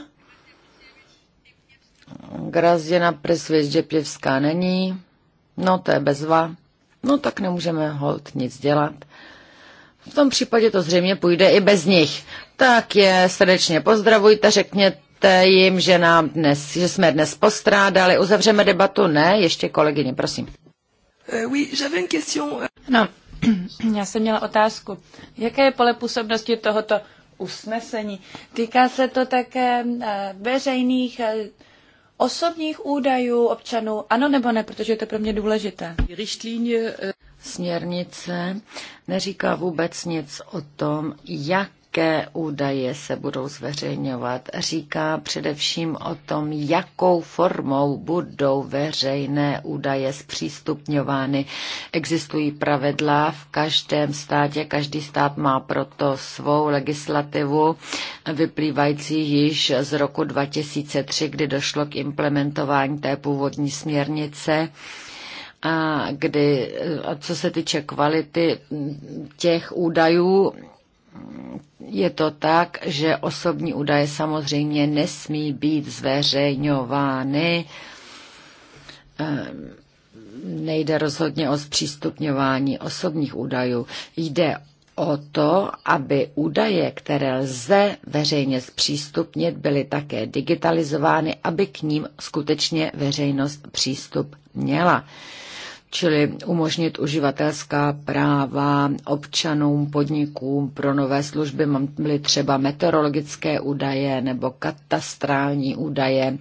Grazděna pěvská není. No, to je bezva. No, tak nemůžeme hold nic dělat. V tom případě to zřejmě půjde i bez nich. Tak je srdečně pozdravujte, řekněte jim, že, nám dnes, že jsme dnes postrádali. Uzavřeme debatu? Ne, ještě kolegyně, prosím. Euh, no, já jsem měla otázku, jaké je pole působnosti tohoto usnesení? Týká se to také eh, veřejných eh, osobních údajů občanů, ano nebo ne, protože je to pro mě důležité. Eh, Směrnice neříká vůbec nic o tom, jak jaké údaje se budou zveřejňovat. Říká především o tom, jakou formou budou veřejné údaje zpřístupňovány. Existují pravidla v každém státě, každý stát má proto svou legislativu vyplývající již z roku 2003, kdy došlo k implementování té původní směrnice a kdy, a co se týče kvality těch údajů, je to tak, že osobní údaje samozřejmě nesmí být zveřejňovány. Ehm, nejde rozhodně o zpřístupňování osobních údajů. Jde o to, aby údaje, které lze veřejně zpřístupnit, byly také digitalizovány, aby k ním skutečně veřejnost přístup měla čili umožnit uživatelská práva občanům, podnikům pro nové služby, byly třeba meteorologické údaje nebo katastrální údaje.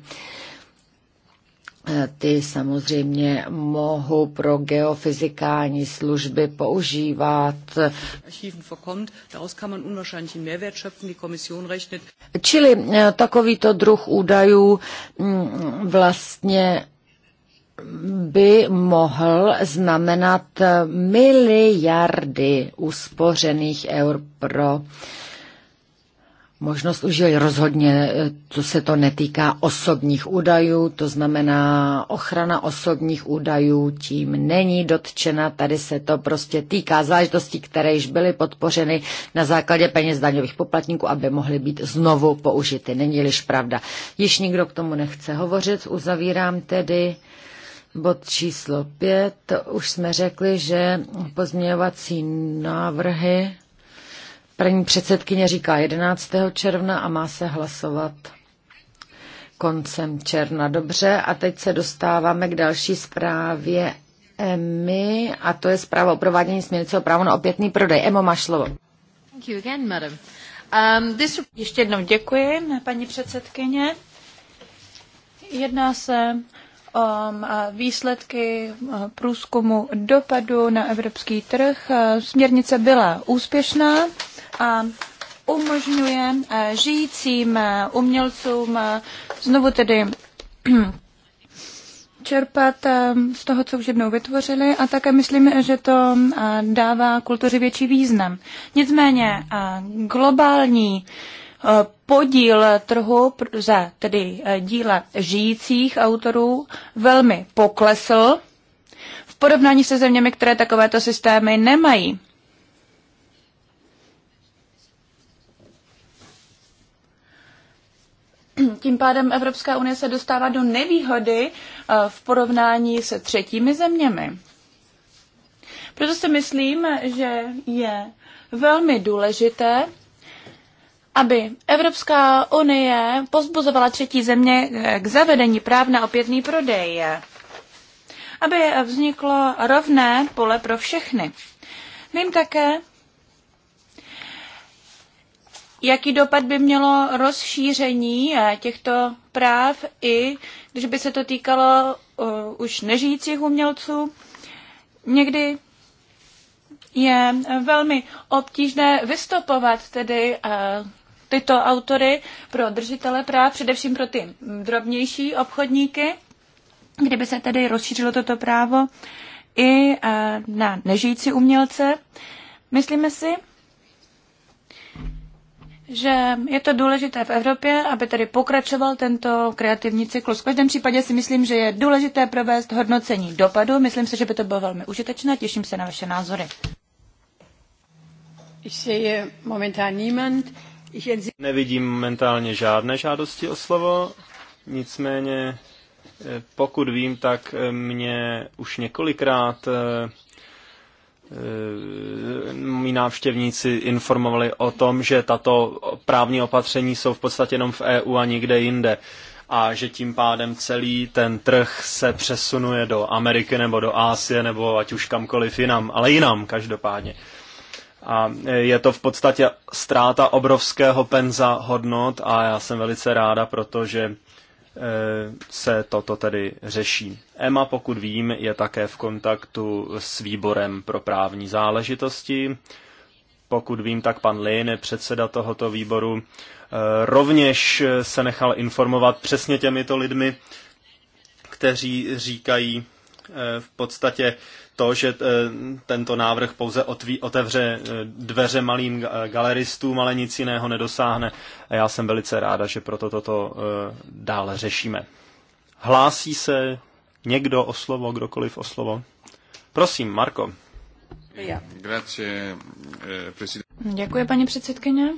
E, ty samozřejmě mohou pro geofyzikální služby používat. Čili e, takovýto druh údajů mm, vlastně by mohl znamenat miliardy uspořených eur pro možnost už Rozhodně co se to netýká osobních údajů, to znamená ochrana osobních údajů tím není dotčena, tady se to prostě týká záležitostí, které již byly podpořeny na základě peněz daňových poplatníků, aby mohly být znovu použity. Není-liž pravda. Již nikdo k tomu nechce hovořit, uzavírám tedy Bod číslo To Už jsme řekli, že pozměňovací návrhy První předsedkyně říká 11. června a má se hlasovat koncem června. Dobře, a teď se dostáváme k další zprávě EMI, a to je zpráva o provádění směrnice o právu na opětný prodej. Emo, máš slovo. Um, this... Ještě jednou děkuji, paní předsedkyně. Jedná se Um, výsledky uh, průzkumu dopadu na evropský trh. Uh, směrnice byla úspěšná a umožňuje uh, žijícím umělcům znovu tedy čerpat um, z toho, co už jednou vytvořili a také myslím, že to dává kultuře větší význam. Nicméně globální podíl trhu za tedy eh, díla žijících autorů velmi poklesl v porovnání se zeměmi, které takovéto systémy nemají. Tím pádem Evropská unie se dostává do nevýhody eh, v porovnání se třetími zeměmi. Proto si myslím, že je velmi důležité, aby Evropská unie pozbuzovala třetí země eh, k zavedení práv na opětný prodej, aby vzniklo rovné pole pro všechny. Vím také, jaký dopad by mělo rozšíření eh, těchto práv i když by se to týkalo eh, už nežijících umělců. Někdy je velmi obtížné vystupovat tedy tyto autory pro držitele práv, především pro ty drobnější obchodníky, kdyby se tedy rozšířilo toto právo i eh, na nežijící umělce. Myslíme si, že je to důležité v Evropě, aby tedy pokračoval tento kreativní cyklus. V každém případě si myslím, že je důležité provést hodnocení dopadu. Myslím si, že by to bylo velmi užitečné. Těším se na vaše názory. Ich sehe momentan niemand. Nevidím momentálně žádné žádosti o slovo, nicméně eh, pokud vím, tak eh, mě už několikrát eh, mý návštěvníci informovali o tom, že tato právní opatření jsou v podstatě jenom v EU a nikde jinde a že tím pádem celý ten trh se přesunuje do Ameriky nebo do Asie nebo ať už kamkoliv jinam, ale jinam každopádně. A e, je to v podstatě ztráta obrovského penza hodnot a já jsem velice ráda, protože e, se toto tedy řeší. EMA, pokud vím, je také v kontaktu s výborem pro právní záležitosti. Pokud vím, tak pan Lin, předseda tohoto výboru, e, rovněž se nechal informovat přesně těmito lidmi, kteří říkají, Eh, v podstatě to, že eh, tento návrh pouze otví, otevře eh, dveře malým galeristům, ale nic jiného nedosáhne. A já jsem velice ráda, že proto toto dále řešíme. Hlásí se někdo o slovo, kdokoliv o slovo? Prosím, Marko. Děkuji, paní předsedkyně.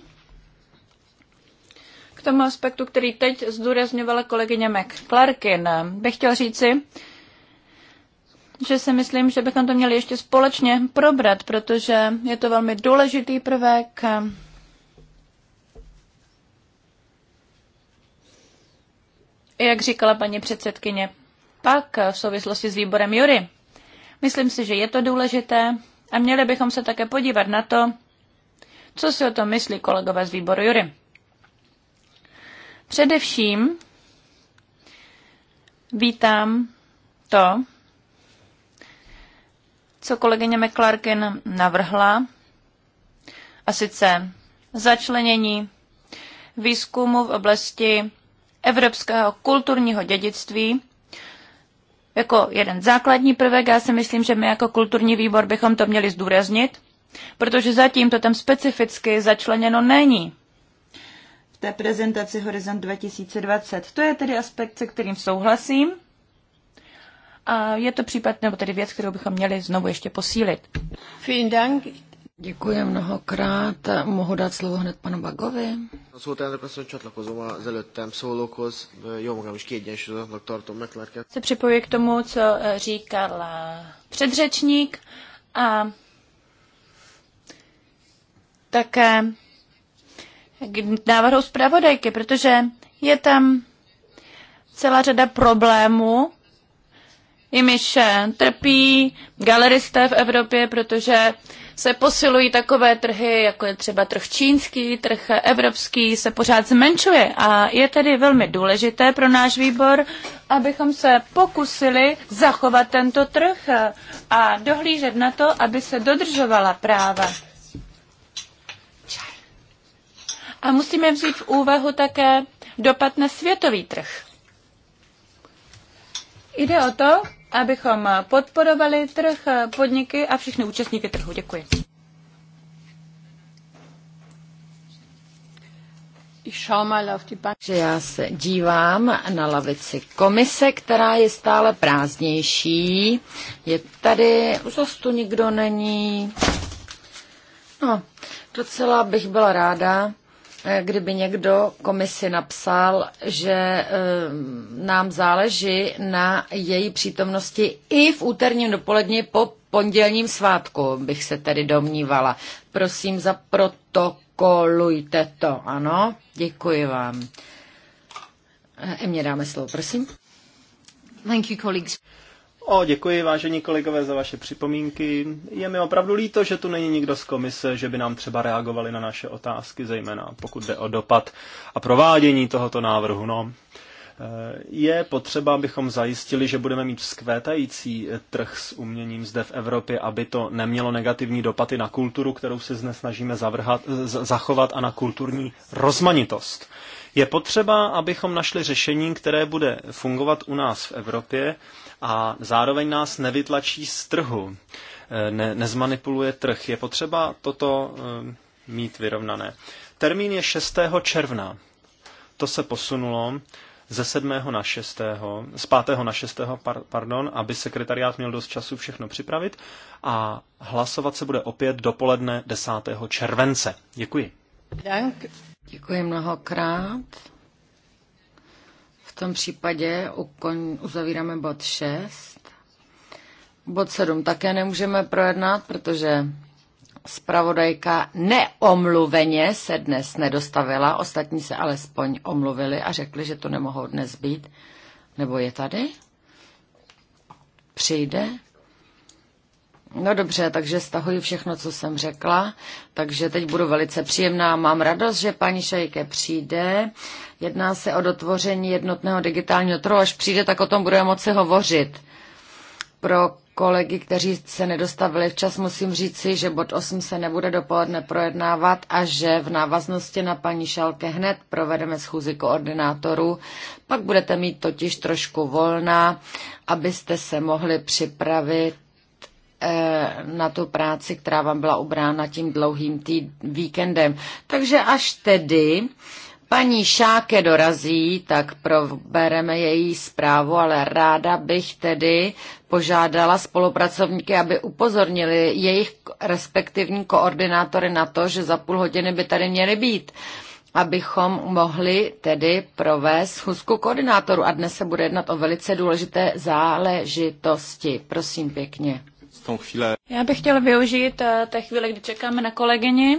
K tomu aspektu, který teď zdůrazňovala kolegyně McClarkin, bych chtěl říci, že si myslím, že bychom to měli ještě společně probrat, protože je to velmi důležitý prvek. Jak říkala paní předsedkyně, pak v souvislosti s výborem Jury. Myslím si, že je to důležité a měli bychom se také podívat na to, co si o tom myslí kolegové z výboru Jury. Především vítám to, co kolegyně McClarkin navrhla, a sice začlenění výzkumu v oblasti evropského kulturního dědictví jako jeden základní prvek. Já si myslím, že my jako kulturní výbor bychom to měli zdůraznit, protože zatím to tam specificky začleněno není. V té prezentaci Horizont 2020. To je tedy aspekt, se kterým souhlasím a je to případ, nebo tedy věc, kterou bychom měli znovu ještě posílit. Vielen Dank. Děkuji mnohokrát. Mohu dát slovo hned panu Bagovi. Se připojuji k tomu, co eh, říkal eh, předřečník a také k návrhu zpravodajky, protože je tam celá řada problémů, jimiž trpí galeristé v Evropě, protože se posilují takové trhy, jako je třeba trh čínský, trh evropský, se pořád zmenšuje. A je tedy velmi důležité pro náš výbor, abychom se pokusili zachovat tento trh a dohlížet na to, aby se dodržovala práva. A musíme vzít v úvahu také dopad na světový trh. Jde o to, abychom podporovali trh, podniky a všechny účastníky trhu. Děkuji. že já se dívám na lavici komise, která je stále prázdnější. Je tady, už tu nikdo není. No, docela bych byla ráda, Eh, kdyby někdo komisi napsal, že eh, nám záleží na její přítomnosti i v úterním dopoledni po pondělním svátku, bych se tedy domnívala. Prosím, zaprotokolujte to, ano? Děkuji vám. Eh, Mě dáme slovo, prosím. Thank you, colleagues. O, děkuji, vážení kolegové, za vaše připomínky. Je mi opravdu líto, že tu není nikdo z komise, že by nám třeba reagovali na naše otázky, zejména pokud jde o dopad a provádění tohoto návrhu. No, je potřeba, abychom zajistili, že budeme mít vzkvétající trh s uměním zde v Evropě, aby to nemělo negativní dopady na kulturu, kterou se dnes snažíme zavrhat, zachovat a na kulturní rozmanitost. Je potřeba, abychom našli řešení, které bude fungovat u nás v Evropě a zároveň nás nevytlačí z trhu, ne, nezmanipuluje trh. Je potřeba toto eh, mít vyrovnané. Termín je 6. června. To se posunulo ze 7. na 6. z 5. na 6. Par, pardon, aby sekretariát měl dost času všechno připravit a hlasovat se bude opět dopoledne 10. července. Děkuji. Dank. Děkuji mnohokrát. V tom případě ukon, uzavíráme bod 6. Bod 7 také nemůžeme projednat, protože Spravodajka neomluveně se dnes nedostavila, ostatní se alespoň omluvili a řekli, že to nemohou dnes být. Nebo je tady? Přijde? No dobře, takže stahuji všechno, co jsem řekla, takže teď budu velice příjemná. Mám radost, že paní Šajke přijde. Jedná se o dotvoření jednotného digitálního trhu. Až přijde, tak o tom budeme moci hovořit. Pro kolegy, kteří se nedostavili včas, musím říci, že bod 8 se nebude dopoledne projednávat a že v návaznosti na paní Šalke hned provedeme schůzi koordinátorů. Pak budete mít totiž trošku volná, abyste se mohli připravit eh, na tu práci, která vám byla ubrána tím dlouhým tý- víkendem. Takže až tedy paní Šáke dorazí, tak probereme její zprávu, ale ráda bych tedy požádala spolupracovníky, aby upozornili jejich respektivní koordinátory na to, že za půl hodiny by tady měly být abychom mohli tedy provést schůzku koordinátoru. A dnes se bude jednat o velice důležité záležitosti. Prosím pěkně. Já bych chtěla využít eh, té chvíle, kdy čekáme na kolegyni.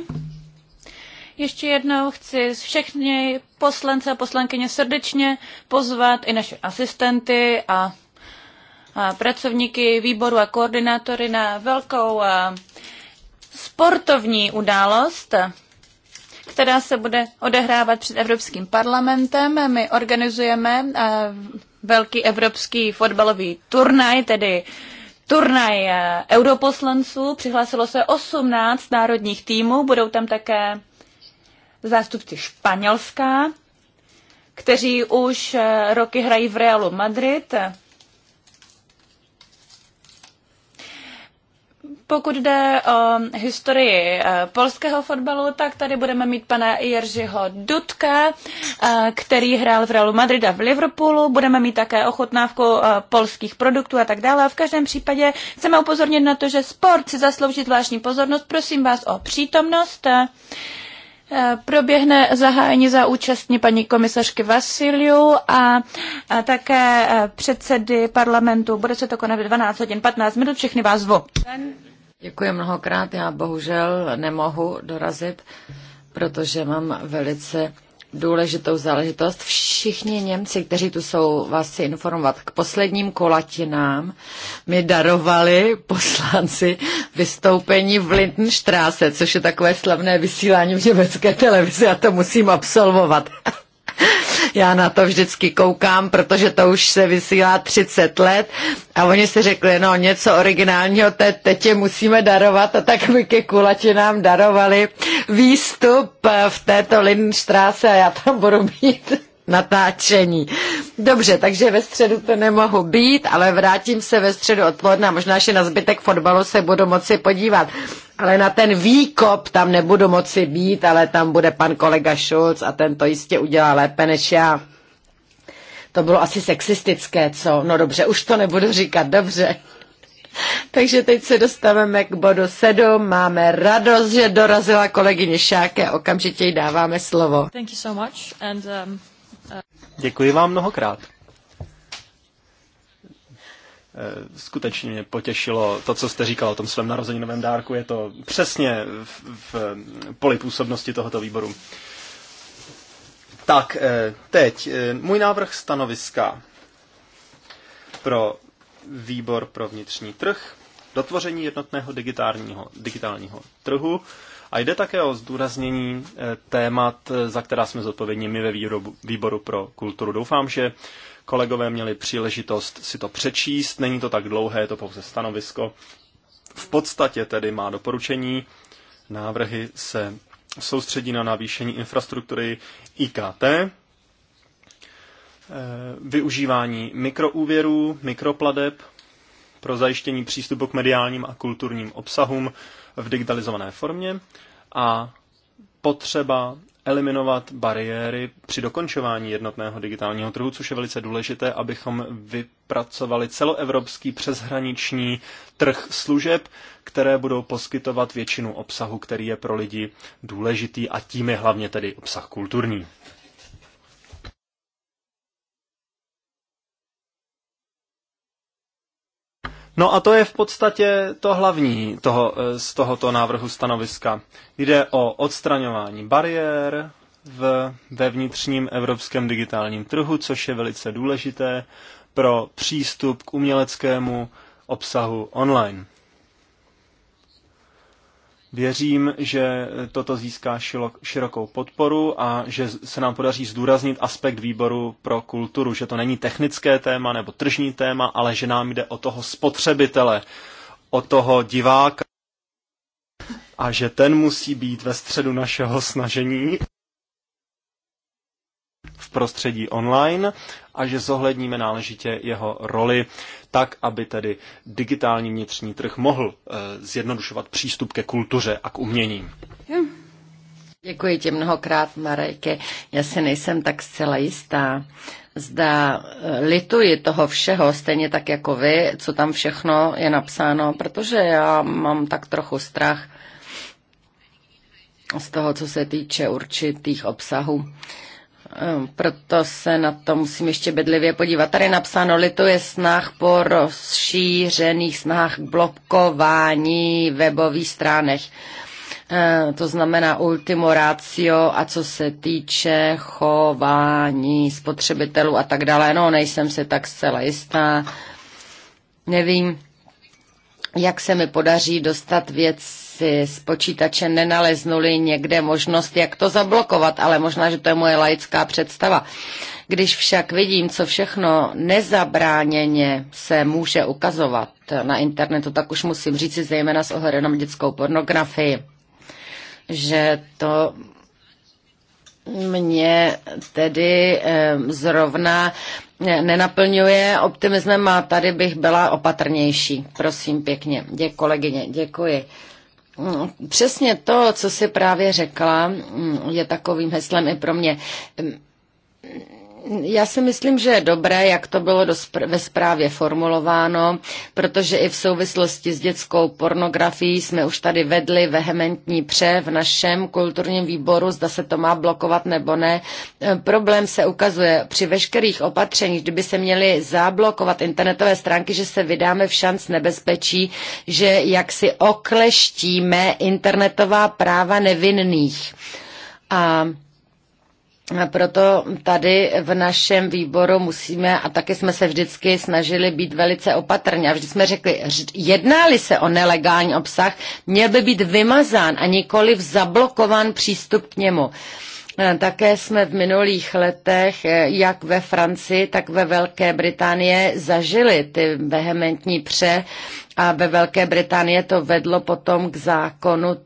Ještě jednou chci všechny poslance a poslankyně srdečně pozvat i naše asistenty a, a pracovníky výboru a koordinátory na velkou a, sportovní událost, která se bude odehrávat před Evropským parlamentem. My organizujeme velký evropský fotbalový turnaj, tedy turnaj europoslanců. Přihlásilo se 18 národních týmů, budou tam také zástupci španělská, kteří už eh, roky hrají v Realu Madrid. Pokud jde o historii eh, polského fotbalu, tak tady budeme mít pana Jerzyho Dudka, eh, který hrál v Realu Madrida v Liverpoolu. Budeme mít také ochutnávku polských produktů a tak dále. v každém případě chceme upozornit na to, že sport si zaslouží zvláštní pozornost. Prosím vás o přítomnost. Eh, proběhne zahájení za účastní paní komisařky Vasiliu a, a také eh, předsedy parlamentu. Bude se to konat v 12 hodin 15 minut. Všechny vás zvu. Děkuji mnohokrát. Já bohužel nemohu dorazit, protože mám velice důležitou záležitost. Všichni Němci, kteří tu jsou, vás chci informovat, k posledním kolatinám mi darovali poslanci vystoupení v Lindenstraße, což je takové slavné vysílání v německé televizi a to musím absolvovat. Já na to vždycky koukám, protože to už se vysílá 30 let a oni si řekli, no něco originálního te, teď je musíme darovat a tak my ke nám darovali výstup v této Lindenstraße a já tam budu mít natáčení. Dobře, takže ve středu to nemohu být, ale vrátím se ve středu odpoledne a možná ještě na zbytek fotbalu se budu moci podívat. Ale na ten výkop tam nebudu moci být, ale tam bude pan kolega Schulz a ten to jistě udělá lépe než já. To bylo asi sexistické, co? No dobře, už to nebudu říkat, dobře. Takže teď se dostaneme k bodu sedm. Máme radost, že dorazila kolegyně Šáke. Okamžitě jí dáváme slovo. Thank you so much and, um... Děkuji vám mnohokrát. Eh, skutečně mě potěšilo to, co jste říkal o tom svém narozeninovém dárku. Je to přesně v, v poli působnosti tohoto výboru. Tak, eh, teď eh, můj návrh stanoviska pro výbor pro vnitřní trh, dotvoření jednotného digitálního, digitálního trhu a jde také o zdůraznění eh, témat, eh, za která jsme zodpovědní my ve výboru pro kulturu. Doufám, že kolegové měli příležitost si to přečíst. Není to tak dlouhé, je to pouze stanovisko. V podstatě tedy má doporučení. Návrhy se soustředí na navýšení infrastruktury IKT, eh, využívání mikroúvěrů, mikropladeb pro zajištění přístupu k mediálním a kulturním obsahům, v digitalizované formě a potřeba eliminovat bariéry při dokončování jednotného digitálního trhu, což je velice důležité, abychom vypracovali celoevropský přeshraniční trh služeb, které budou poskytovat většinu obsahu, který je pro lidi důležitý a tím je hlavně tedy obsah kulturní. No a to je v podstatě to hlavní toho, eh, z tohoto návrhu stanoviska. Jde o odstraňování bariér v, ve vnitřním evropském digitálním trhu, což je velice důležité pro přístup k uměleckému obsahu online. Věřím, že toto získá širokou podporu a že se nám podaří zdůraznit aspekt výboru pro kulturu, že to není technické téma nebo tržní téma, ale že nám jde o toho spotřebitele, o toho diváka a že ten musí být ve středu našeho snažení prostředí online a že zohledníme náležitě jeho roli tak, aby tedy digitální vnitřní trh mohl eh, zjednodušovat přístup ke kultuře a k umění. Děkuji ti mnohokrát, Marejke. Já si nejsem tak zcela jistá. Zda eh, lituji toho všeho, stejně tak jako vy, co tam všechno je napsáno, protože já mám tak trochu strach z toho, co se týče určitých obsahů. Ehm, proto se na to musím ještě bedlivě podívat. Tady napsáno, lituje snah po rozšířených snahách blokování webových stránek. Ehm, to znamená ultimo ratio a co se týče chování spotřebitelů a tak dále. No, nejsem si tak zcela jistá. Nevím, jak se mi podaří dostat věc si s počítačem nenaleznuli někde možnost, jak to zablokovat, ale možná, že to je moje laická představa. Když však vidím, co všechno nezabráněně se může ukazovat na internetu, tak už musím říct si zejména s ohledem na dětskou pornografii, že to mě tedy zrovna eh, nenaplňuje optimismem a tady bych byla opatrnější. Prosím pěkně. děkuji, kolegyně, děkuji. No, přesně to, co si právě řekla, mm, je takovým heslem i pro mě mm, já si myslím, že je dobré, jak to bylo ve zprávě formulováno, protože i v souvislosti s dětskou pornografií jsme už tady vedli vehementní pře v našem kulturním výboru, zda se to má blokovat nebo ne. E, problém se ukazuje při veškerých opatřeních, kdyby se měly zablokovat internetové stránky, že se vydáme v šanc nebezpečí, že jak si okleštíme internetová práva nevinných. A proto tady v našem výboru musíme, a taky jsme se vždycky snažili být velice opatrní, a vždy jsme řekli, jednáli se o nelegální obsah, měl by být vymazán a nikoliv zablokován přístup k němu. Také jsme v minulých letech, eh, jak ve Francii, tak ve Velké Británii, zažili ty vehementní pře a ve Velké Británii to vedlo potom k zákonu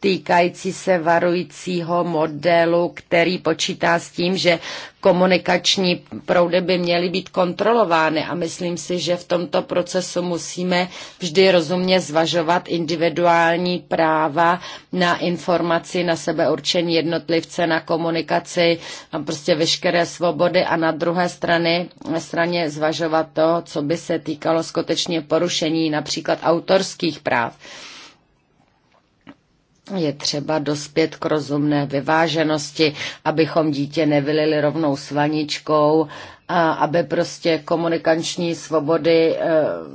týkající se varujícího modelu, který počítá s tím, že komunikační proudy by měly být kontrolovány a myslím si, že v tomto procesu musíme vždy rozumně zvažovat individuální práva na informaci, na sebeurčení jednotlivce, na komunikaci a prostě veškeré svobody a na druhé strany, na straně zvažovat to, co by se týkalo skutečně porušení například autorských práv je třeba dospět k rozumné vyváženosti, abychom dítě nevylili rovnou s vaničkou, a aby prostě komunikační svobody eh,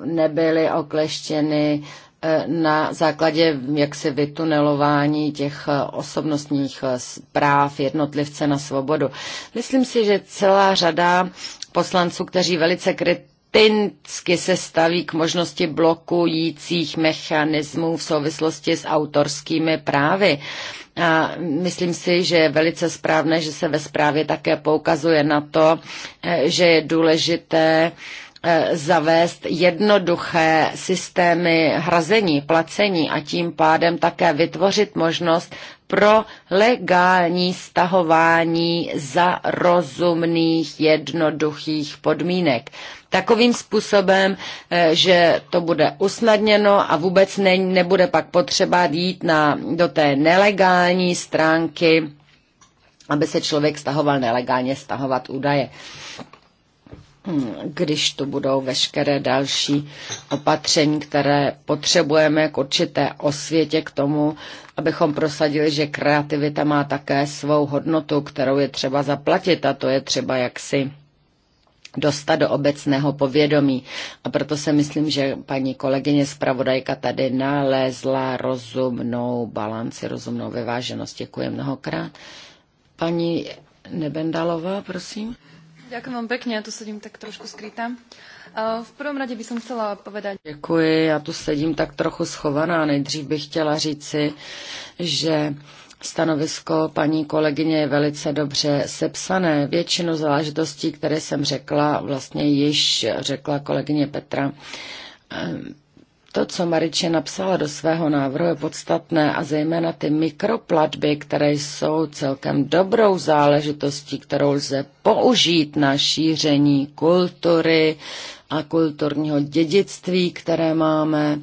nebyly okleštěny eh, na základě jaksi vytunelování těch eh, osobnostních práv jednotlivce na svobodu. Myslím si, že celá řada poslanců, kteří velice kritizují autenticky se staví k možnosti blokujících mechanismů v souvislosti s autorskými právy. A myslím si, že je velice správné, že se ve zprávě také poukazuje na to, eh, že je důležité eh, zavést jednoduché systémy hrazení, placení a tím pádem také vytvořit možnost pro legální stahování za rozumných jednoduchých podmínek takovým způsobem, eh, že to bude usnadněno a vůbec ne, nebude pak potřeba jít na, do té nelegální stránky, aby se člověk stahoval nelegálně stahovat údaje hmm, když tu budou veškeré další opatření, které potřebujeme k určité osvětě k tomu, abychom prosadili, že kreativita má také svou hodnotu, kterou je třeba zaplatit a to je třeba jaksi dostat do obecného povědomí. A proto se myslím, že paní kolegyně zpravodajka tady nalezla rozumnou balanci, rozumnou vyváženost. Děkuji mnohokrát. Paní Nebendalová, prosím. Děkuji vám pěkně, já tu sedím tak trošku skrytá. V prvom radě bych chtěla chcela povedať... Děkuji, já tu sedím tak trochu schovaná. Nejdřív bych chtěla říci, že Stanovisko paní kolegyně je velice dobře sepsané. Většinu záležitostí, které jsem řekla, vlastně již řekla kolegyně Petra. Ehm, to, co Mariče napsala do svého návrhu, je podstatné a zejména ty mikroplatby, které jsou celkem dobrou záležitostí, kterou lze použít na šíření kultury, a kulturního dědictví, které máme,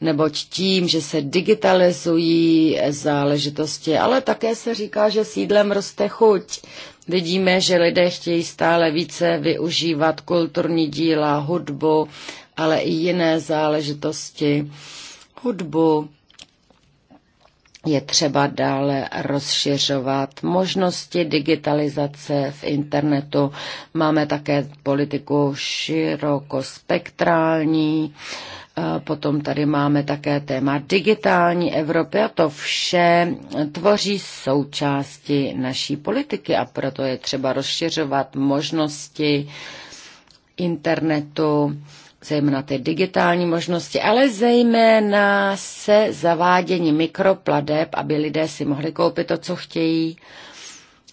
neboť tím, že se digitalizují záležitosti, ale také se říká, že sídlem roste chuť. Vidíme, že lidé chtějí stále více využívat kulturní díla, hudbu, ale i jiné záležitosti, hudbu, je třeba dále rozšiřovat možnosti digitalizace v internetu. Máme také politiku širokospektrální, potom tady máme také téma digitální Evropy a to vše tvoří součásti naší politiky a proto je třeba rozšiřovat možnosti internetu zejména ty digitální možnosti, ale zejména se zavádění mikropladeb, aby lidé si mohli koupit to, co chtějí,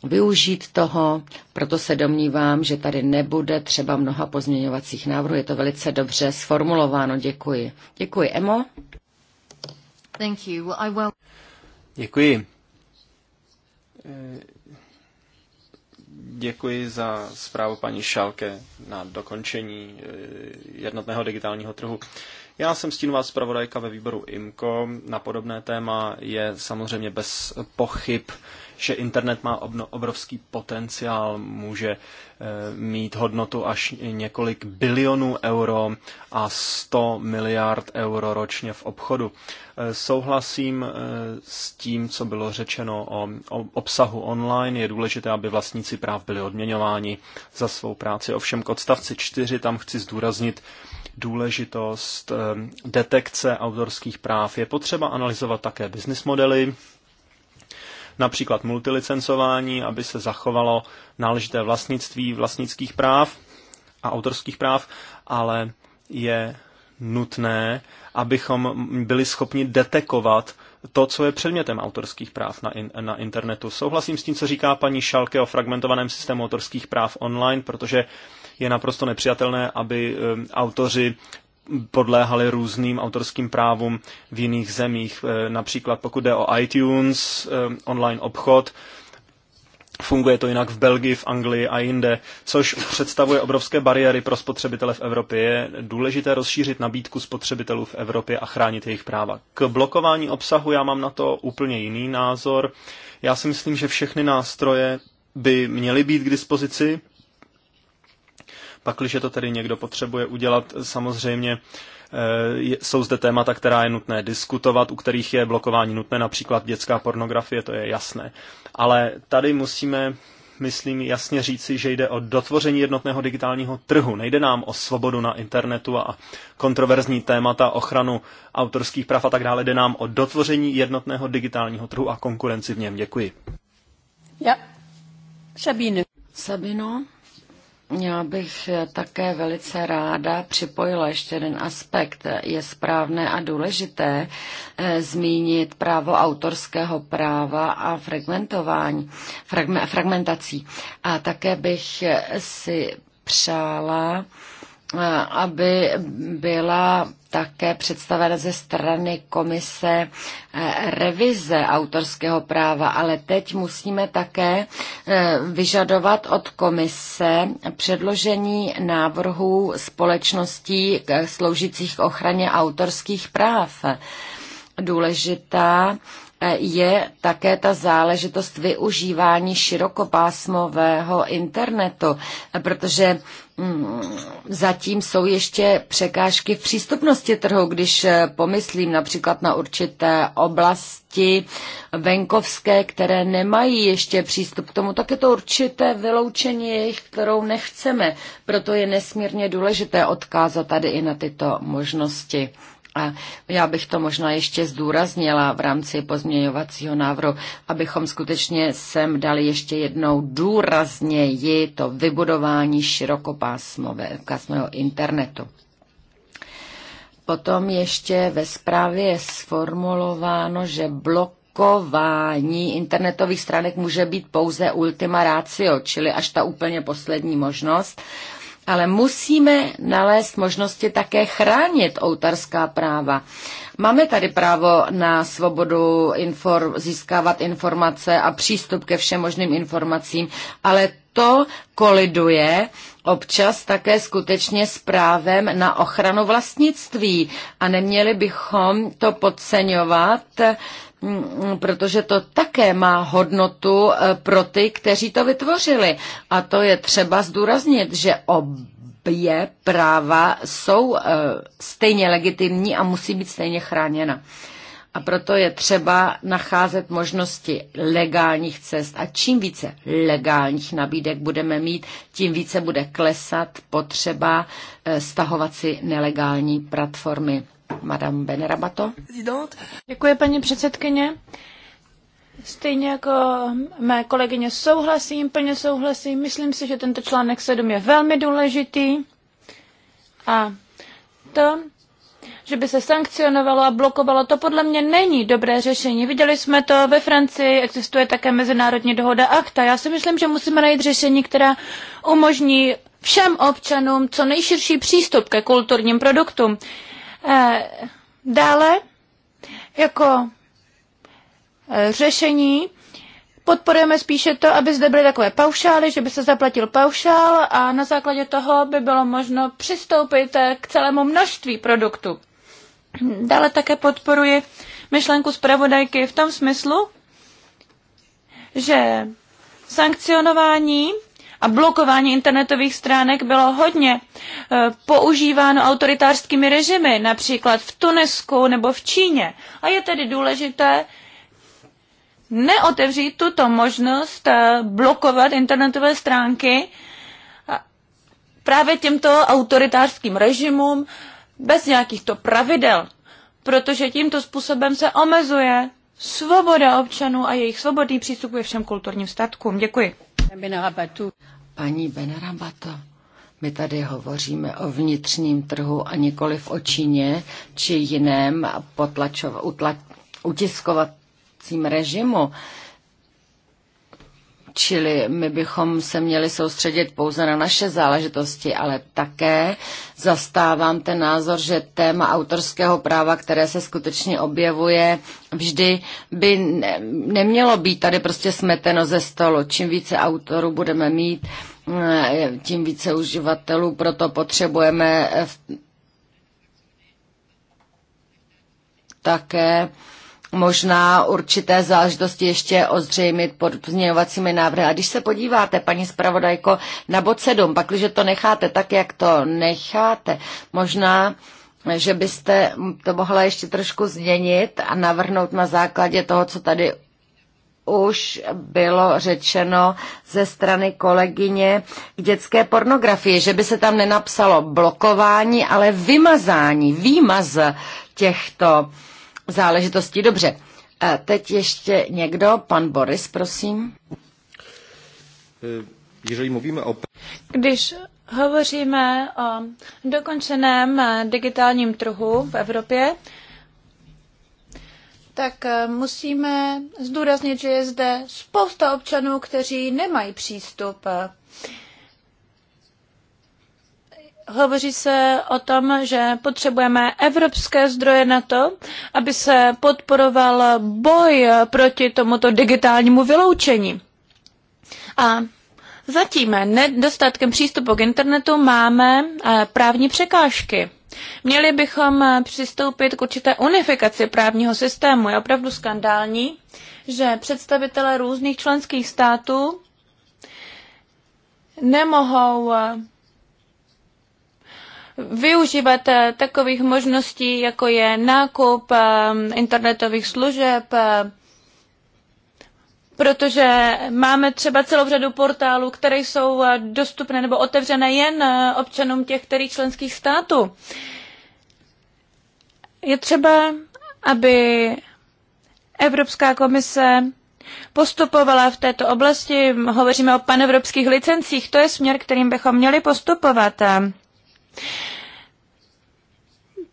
využít toho, proto se domnívám, že tady nebude třeba mnoha pozměňovacích návrhů. Je to velice dobře sformulováno. Děkuji. Děkuji, Emo. Thank you. Well, I will... Děkuji. Děkuji za zprávu paní Šalke na dokončení eh, jednotného digitálního trhu. Já jsem stínová zpravodajka ve výboru IMCO. Na podobné téma je samozřejmě bez pochyb že internet má obrovský potenciál, může eh, mít hodnotu až několik bilionů euro a 100 miliard euro ročně v obchodu. Eh, souhlasím eh, s tím, co bylo řečeno o obsahu online. Je důležité, aby vlastníci práv byli odměňováni za svou práci. Ovšem k odstavci 4 tam chci zdůraznit důležitost detekce autorských práv. Je potřeba analyzovat také business modely, například multilicencování, aby se zachovalo náležité vlastnictví vlastnických práv a autorských práv, ale je nutné, abychom byli schopni detekovat to, co je předmětem autorských práv na, in, na internetu. Souhlasím s tím, co říká paní Šalke o fragmentovaném systému autorských práv online, protože je naprosto nepřijatelné, aby eh, autoři podléhaly různým autorským právům v jiných zemích. E, například pokud jde o iTunes, e, online obchod, Funguje to jinak v Belgii, v Anglii a jinde, což představuje obrovské bariéry pro spotřebitele v Evropě. Je důležité rozšířit nabídku spotřebitelů v Evropě a chránit jejich práva. K blokování obsahu já mám na to úplně jiný názor. Já si myslím, že všechny nástroje by měly být k dispozici Pakliže to tedy někdo potřebuje udělat, samozřejmě eh, jsou zde témata, která je nutné diskutovat, u kterých je blokování nutné, například dětská pornografie, to je jasné. Ale tady musíme myslím, jasně říci, že jde o dotvoření jednotného digitálního trhu. Nejde nám o svobodu na internetu a kontroverzní témata, ochranu autorských práv a tak dále. Jde nám o dotvoření jednotného digitálního trhu a konkurenci v něm. Děkuji. Ja. Sabine. Sabino. Já bych také velice ráda připojila ještě jeden aspekt. Je správné a důležité eh, zmínit právo autorského práva a fragmentování, fragmentací. A také bych si přála Eh, aby byla také představena ze strany komise eh, revize autorského práva, ale teď musíme také eh, vyžadovat od komise předložení návrhů společností sloužících k ochraně autorských práv. Důležitá je také ta záležitost využívání širokopásmového internetu, protože mm, zatím jsou ještě překážky v přístupnosti trhu, když eh, pomyslím například na určité oblasti venkovské, které nemají ještě přístup k tomu, tak je to určité vyloučení jejich, kterou nechceme. Proto je nesmírně důležité odkázat tady i na tyto možnosti. A já bych to možná ještě zdůraznila v rámci pozměňovacího návrhu, abychom skutečně sem dali ještě jednou důrazněji to vybudování širokopásmového internetu. Potom ještě ve zprávě je sformulováno, že blok blokování internetových stránek může být pouze ultima ratio, čili až ta úplně poslední možnost ale musíme nalézt možnosti také chránit autorská práva. Máme tady právo na svobodu inform, získávat informace a přístup ke všem možným informacím, ale to koliduje občas také skutečně s právem na ochranu vlastnictví a neměli bychom to podceňovat, Mm, protože to také má hodnotu eh, pro ty, kteří to vytvořili. A to je třeba zdůraznit, že obě práva jsou eh, stejně legitimní a musí být stejně chráněna. A proto je třeba nacházet možnosti legálních cest. A čím více legálních nabídek budeme mít, tím více bude klesat potřeba eh, stahovat si nelegální platformy. Madame Benerabato. Děkuji, paní předsedkyně. Stejně jako mé kolegyně souhlasím, plně souhlasím. Myslím si, že tento článek 7 je velmi důležitý. A to, že by se sankcionovalo a blokovalo, to podle mě není dobré řešení. Viděli jsme to ve Francii, existuje také mezinárodní dohoda ACTA. Já si myslím, že musíme najít řešení, která umožní všem občanům co nejširší přístup ke kulturním produktům. Eh, dále jako eh, řešení podporujeme spíše to, aby zde byly takové paušály, že by se zaplatil paušál a na základě toho by bylo možno přistoupit eh, k celému množství produktů. Dále také podporuji myšlenku zpravodajky v tom smyslu, že sankcionování a blokování internetových stránek bylo hodně eh, používáno autoritářskými režimy, například v Tunisku nebo v Číně. A je tedy důležité neotevřít tuto možnost eh, blokovat internetové stránky právě těmto autoritářským režimům bez nějakýchto pravidel, protože tímto způsobem se omezuje svoboda občanů a jejich svobodný přístup ke všem kulturním statkům. Děkuji. Paní Benarabato, my tady hovoříme o vnitřním trhu a nikoli v Číně či jiném potlačov, utla, utiskovacím režimu. Čili my bychom se měli soustředit pouze na naše záležitosti, ale také zastávám ten názor, že téma autorského práva, které se skutečně objevuje, vždy by ne, nemělo být tady prostě smeteno ze stolu. Čím více autorů budeme mít, eh, tím více uživatelů, proto potřebujeme eh, také možná určité záležitosti ještě ozřejmit pod pozměňovacími návrhy. A když se podíváte, paní zpravodajko, na bod 7, pak, když to necháte tak, jak to necháte, možná že byste to mohla ještě trošku změnit a navrhnout na základě toho, co tady už bylo řečeno ze strany kolegyně k dětské pornografii, že by se tam nenapsalo blokování, ale vymazání, výmaz těchto záležitosti. Dobře, e, teď ještě někdo, pan Boris, prosím. Jeżeli mluvíme o... Když hovoříme o dokončeném digitálním trhu v Evropě, tak e, musíme zdůraznit, že je zde spousta občanů, kteří nemají přístup e, Hovoří se o tom, že potřebujeme evropské zdroje na to, aby se podporoval boj proti tomuto digitálnímu vyloučení. A zatím nedostatkem přístupu k internetu máme eh, právní překážky. Měli bychom eh, přistoupit k určité unifikaci právního systému. Je opravdu skandální, že představitelé různých členských států nemohou eh, využívat eh, takových možností, jako je nákup eh, internetových služeb, eh, protože máme třeba celou řadu portálů, které jsou dostupné nebo otevřené jen občanům těch kterých členských států. Je třeba, aby Evropská komise postupovala v této oblasti. Hovoříme o panevropských licencích. To je směr, kterým bychom měli postupovat.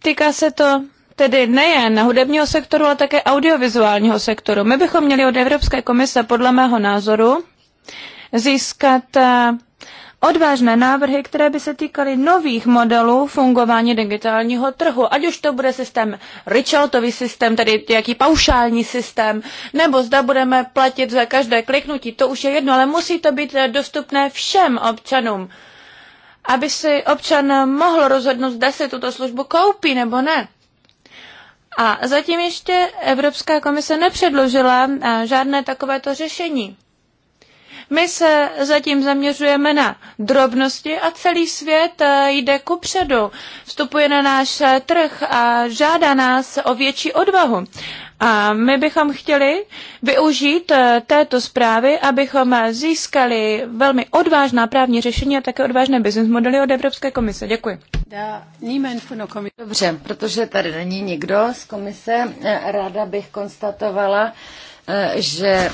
Týká se to tedy nejen na hudebního sektoru, ale také audiovizuálního sektoru. My bychom měli od Evropské komise, podle mého názoru, získat eh, odvážné návrhy, které by se týkaly nových modelů fungování digitálního trhu, ať už to bude systém Richeltový systém, tedy jaký paušální systém, nebo zda budeme platit za každé kliknutí, to už je jedno, ale musí to být eh, dostupné všem občanům aby si občan mohl rozhodnout, zda si tuto službu koupí nebo ne. A zatím ještě Evropská komise nepředložila žádné takovéto řešení. My se zatím zaměřujeme na drobnosti a celý svět jde ku předu. Vstupuje na náš trh a žádá nás o větší odvahu. A my bychom chtěli využít eh, této zprávy, abychom získali velmi odvážná právní řešení a také odvážné business modely od Evropské komise. Děkuji. Dobře, protože tady není nikdo z komise, eh, ráda bych konstatovala, eh, že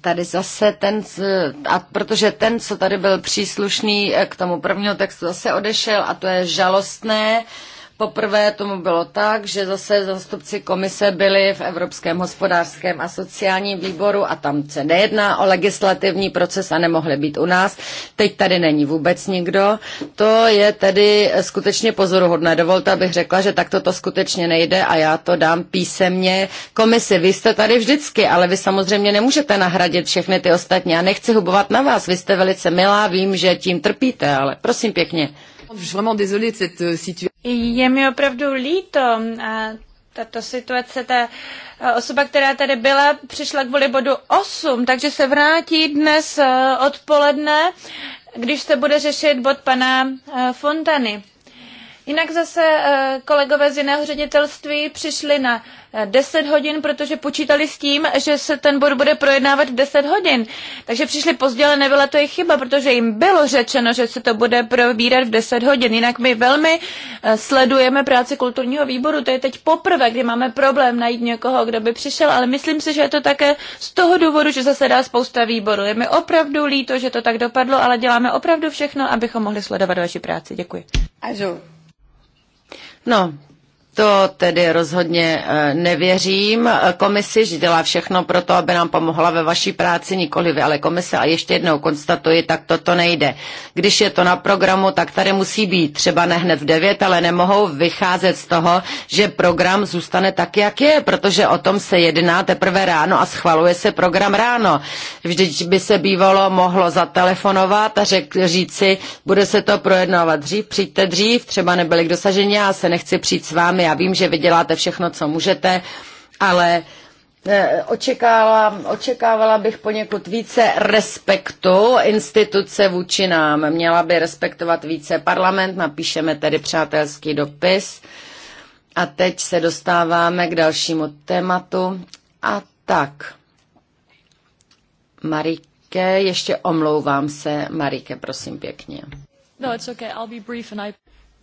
tady zase ten, a protože ten, co tady byl příslušný k tomu prvního textu, zase odešel a to je žalostné, Poprvé tomu bylo tak, že zase zastupci komise byli v Evropském hospodářském a sociálním výboru a tam se nejedná o legislativní proces a nemohli být u nás. Teď tady není vůbec nikdo. To je tedy skutečně pozoruhodné. Dovolte, abych řekla, že takto to skutečně nejde a já to dám písemně komisi. Vy jste tady vždycky, ale vy samozřejmě nemůžete nahradit všechny ty ostatní. Já nechci hubovat na vás. Vy jste velice milá, vím, že tím trpíte, ale prosím pěkně. Je vraiment désolée de cette situation. Euh, je mi opravdu líto. A tato situace, ta osoba, která tady byla, přišla kvůli bodu 8, takže se vrátí dnes odpoledne, když se bude řešit bod pana Fontany. Jinak zase eh, kolegové z jiného ředitelství přišli na 10 eh, hodin, protože počítali s tím, že se ten bod bude projednávat 10 hodin. Takže přišli pozdě, ale nebyla to jejich chyba, protože jim bylo řečeno, že se to bude probírat v 10 hodin. Jinak my velmi eh, sledujeme práci kulturního výboru. To je teď poprvé, kdy máme problém najít někoho, kdo by přišel, ale myslím si, že je to také z toho důvodu, že zasedá spousta výboru. Je mi opravdu líto, že to tak dopadlo, ale děláme opravdu všechno, abychom mohli sledovat vaši práci. Děkuji. Ažu. No, to tedy rozhodně e, nevěřím. Komisi že dělá všechno pro to, aby nám pomohla ve vaší práci, nikoli vy, ale komise. A ještě jednou konstatuji, tak toto nejde. Když je to na programu, tak tady musí být třeba ne hned v 9, ale nemohou vycházet z toho, že program zůstane tak, jak je, protože o tom se jedná teprve ráno a schvaluje se program ráno. Vždyť by se bývalo mohlo zatelefonovat a řek, říci, bude se to projednávat dřív, přijďte dřív, třeba nebyli k dosažení, já se nechci přijít s vámi já vím, že vy děláte všechno, co můžete, ale eh, Očekávala, očekávala bych poněkud více respektu instituce vůči nám. Měla by respektovat více parlament, napíšeme tedy přátelský dopis. A teď se dostáváme k dalšímu tématu. A tak. Marike, ještě omlouvám se. Marike, prosím pěkně. No, it's okay. I'll be brief and I...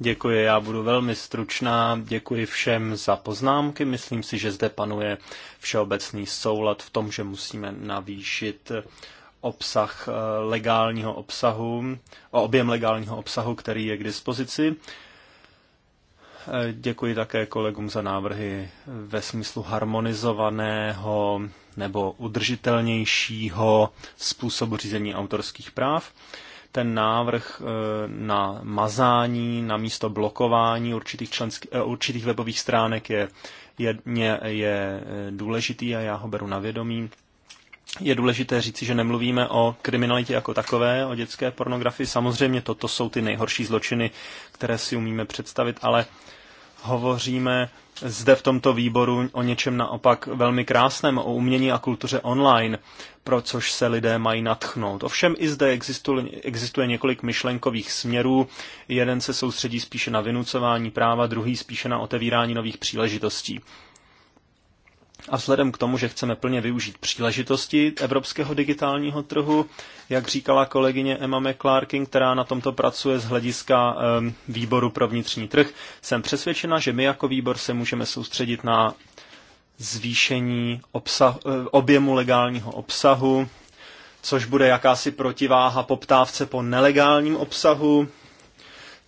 Děkuji, já budu velmi stručná. Děkuji všem za poznámky. Myslím si, že zde panuje všeobecný soulad v tom, že musíme navýšit obsah eh, legálního obsahu, o objem legálního obsahu, který je k dispozici. Eh, děkuji také kolegům za návrhy ve smyslu harmonizovaného nebo udržitelnějšího způsobu řízení autorských práv ten návrh eh, na mazání, na místo blokování určitých, členský, eh, určitých webových stránek je, je, je eh, důležitý a já ho beru na vědomí. Je důležité říci, že nemluvíme o kriminalitě jako takové, o dětské pornografii. Samozřejmě toto jsou ty nejhorší zločiny, které si umíme představit, ale hovoříme zde v tomto výboru o něčem naopak velmi krásném, o umění a kultuře online, pro což se lidé mají natchnout. Ovšem i zde existuje, několik myšlenkových směrů. Jeden se soustředí spíše na vynucování práva, druhý spíše na otevírání nových příležitostí. A vzhledem k tomu, že chceme plně využít příležitosti evropského digitálního trhu, jak říkala kolegyně Emma McClarkin, která na tomto pracuje z hlediska výboru pro vnitřní trh, jsem přesvědčena, že my jako výbor se můžeme soustředit na zvýšení obsah, e, objemu legálního obsahu, což bude jakási protiváha poptávce po nelegálním obsahu,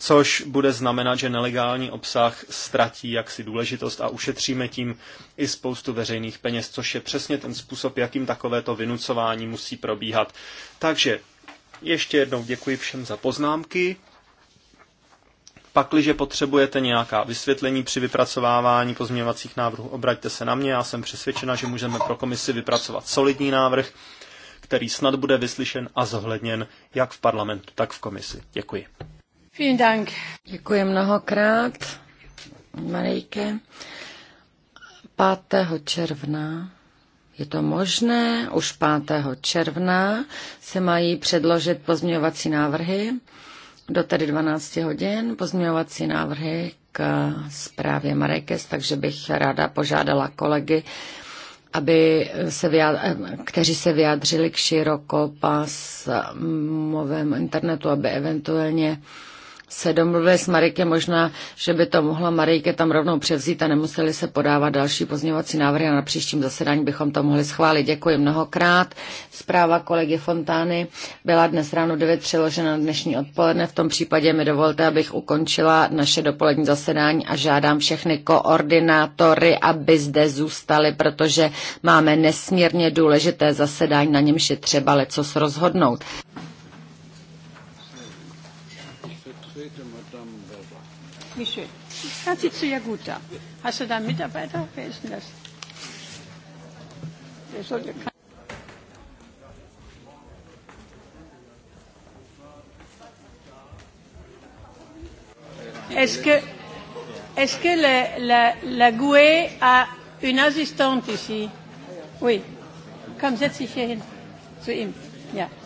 což bude znamenat, že nelegální obsah ztratí jaksi důležitost a ušetříme tím i spoustu veřejných peněz, což je přesně ten způsob, jakým takovéto vynucování musí probíhat. Takže ještě jednou děkuji všem za poznámky. Pakliže potřebujete nějaká vysvětlení při vypracovávání pozměňovacích návrhů, obraťte se na mě. Já jsem přesvědčena, že můžeme pro komisi vypracovat solidní návrh, který snad bude vyslyšen a zohledněn jak v parlamentu, tak v komisi. Děkuji. Děkuji mnohokrát, Marejke. 5. června je to možné, už 5. června se mají předložit pozměňovací návrhy do tedy 12 hodin, pozměňovací návrhy k zprávě Marekes, takže bych ráda požádala kolegy, aby se vyjádřili, kteří se vyjádřili k širokopásmovému internetu, aby eventuálně se domluvili s Marike, možná, že by to mohla Marike tam rovnou převzít a nemuseli se podávat další pozměňovací návrhy a na příštím zasedání bychom to mohli schválit. Děkuji mnohokrát. Zpráva kolegy Fontány byla dnes ráno 9 přeložena na dnešní odpoledne. V tom případě mi dovolte, abych ukončila naše dopolední zasedání a žádám všechny koordinátory, aby zde zůstali, protože máme nesmírně důležité zasedání, na němž je třeba leco rozhodnout. Wie schön. Dann sitzt du ja gut da. Hast du da einen Mitarbeiter? Wer ist denn das? Der sollte Est-ce que, est que la, la, la GUE a une assistante ici Oui. Komm, setz dich hier hin. Zu ihm. Ja.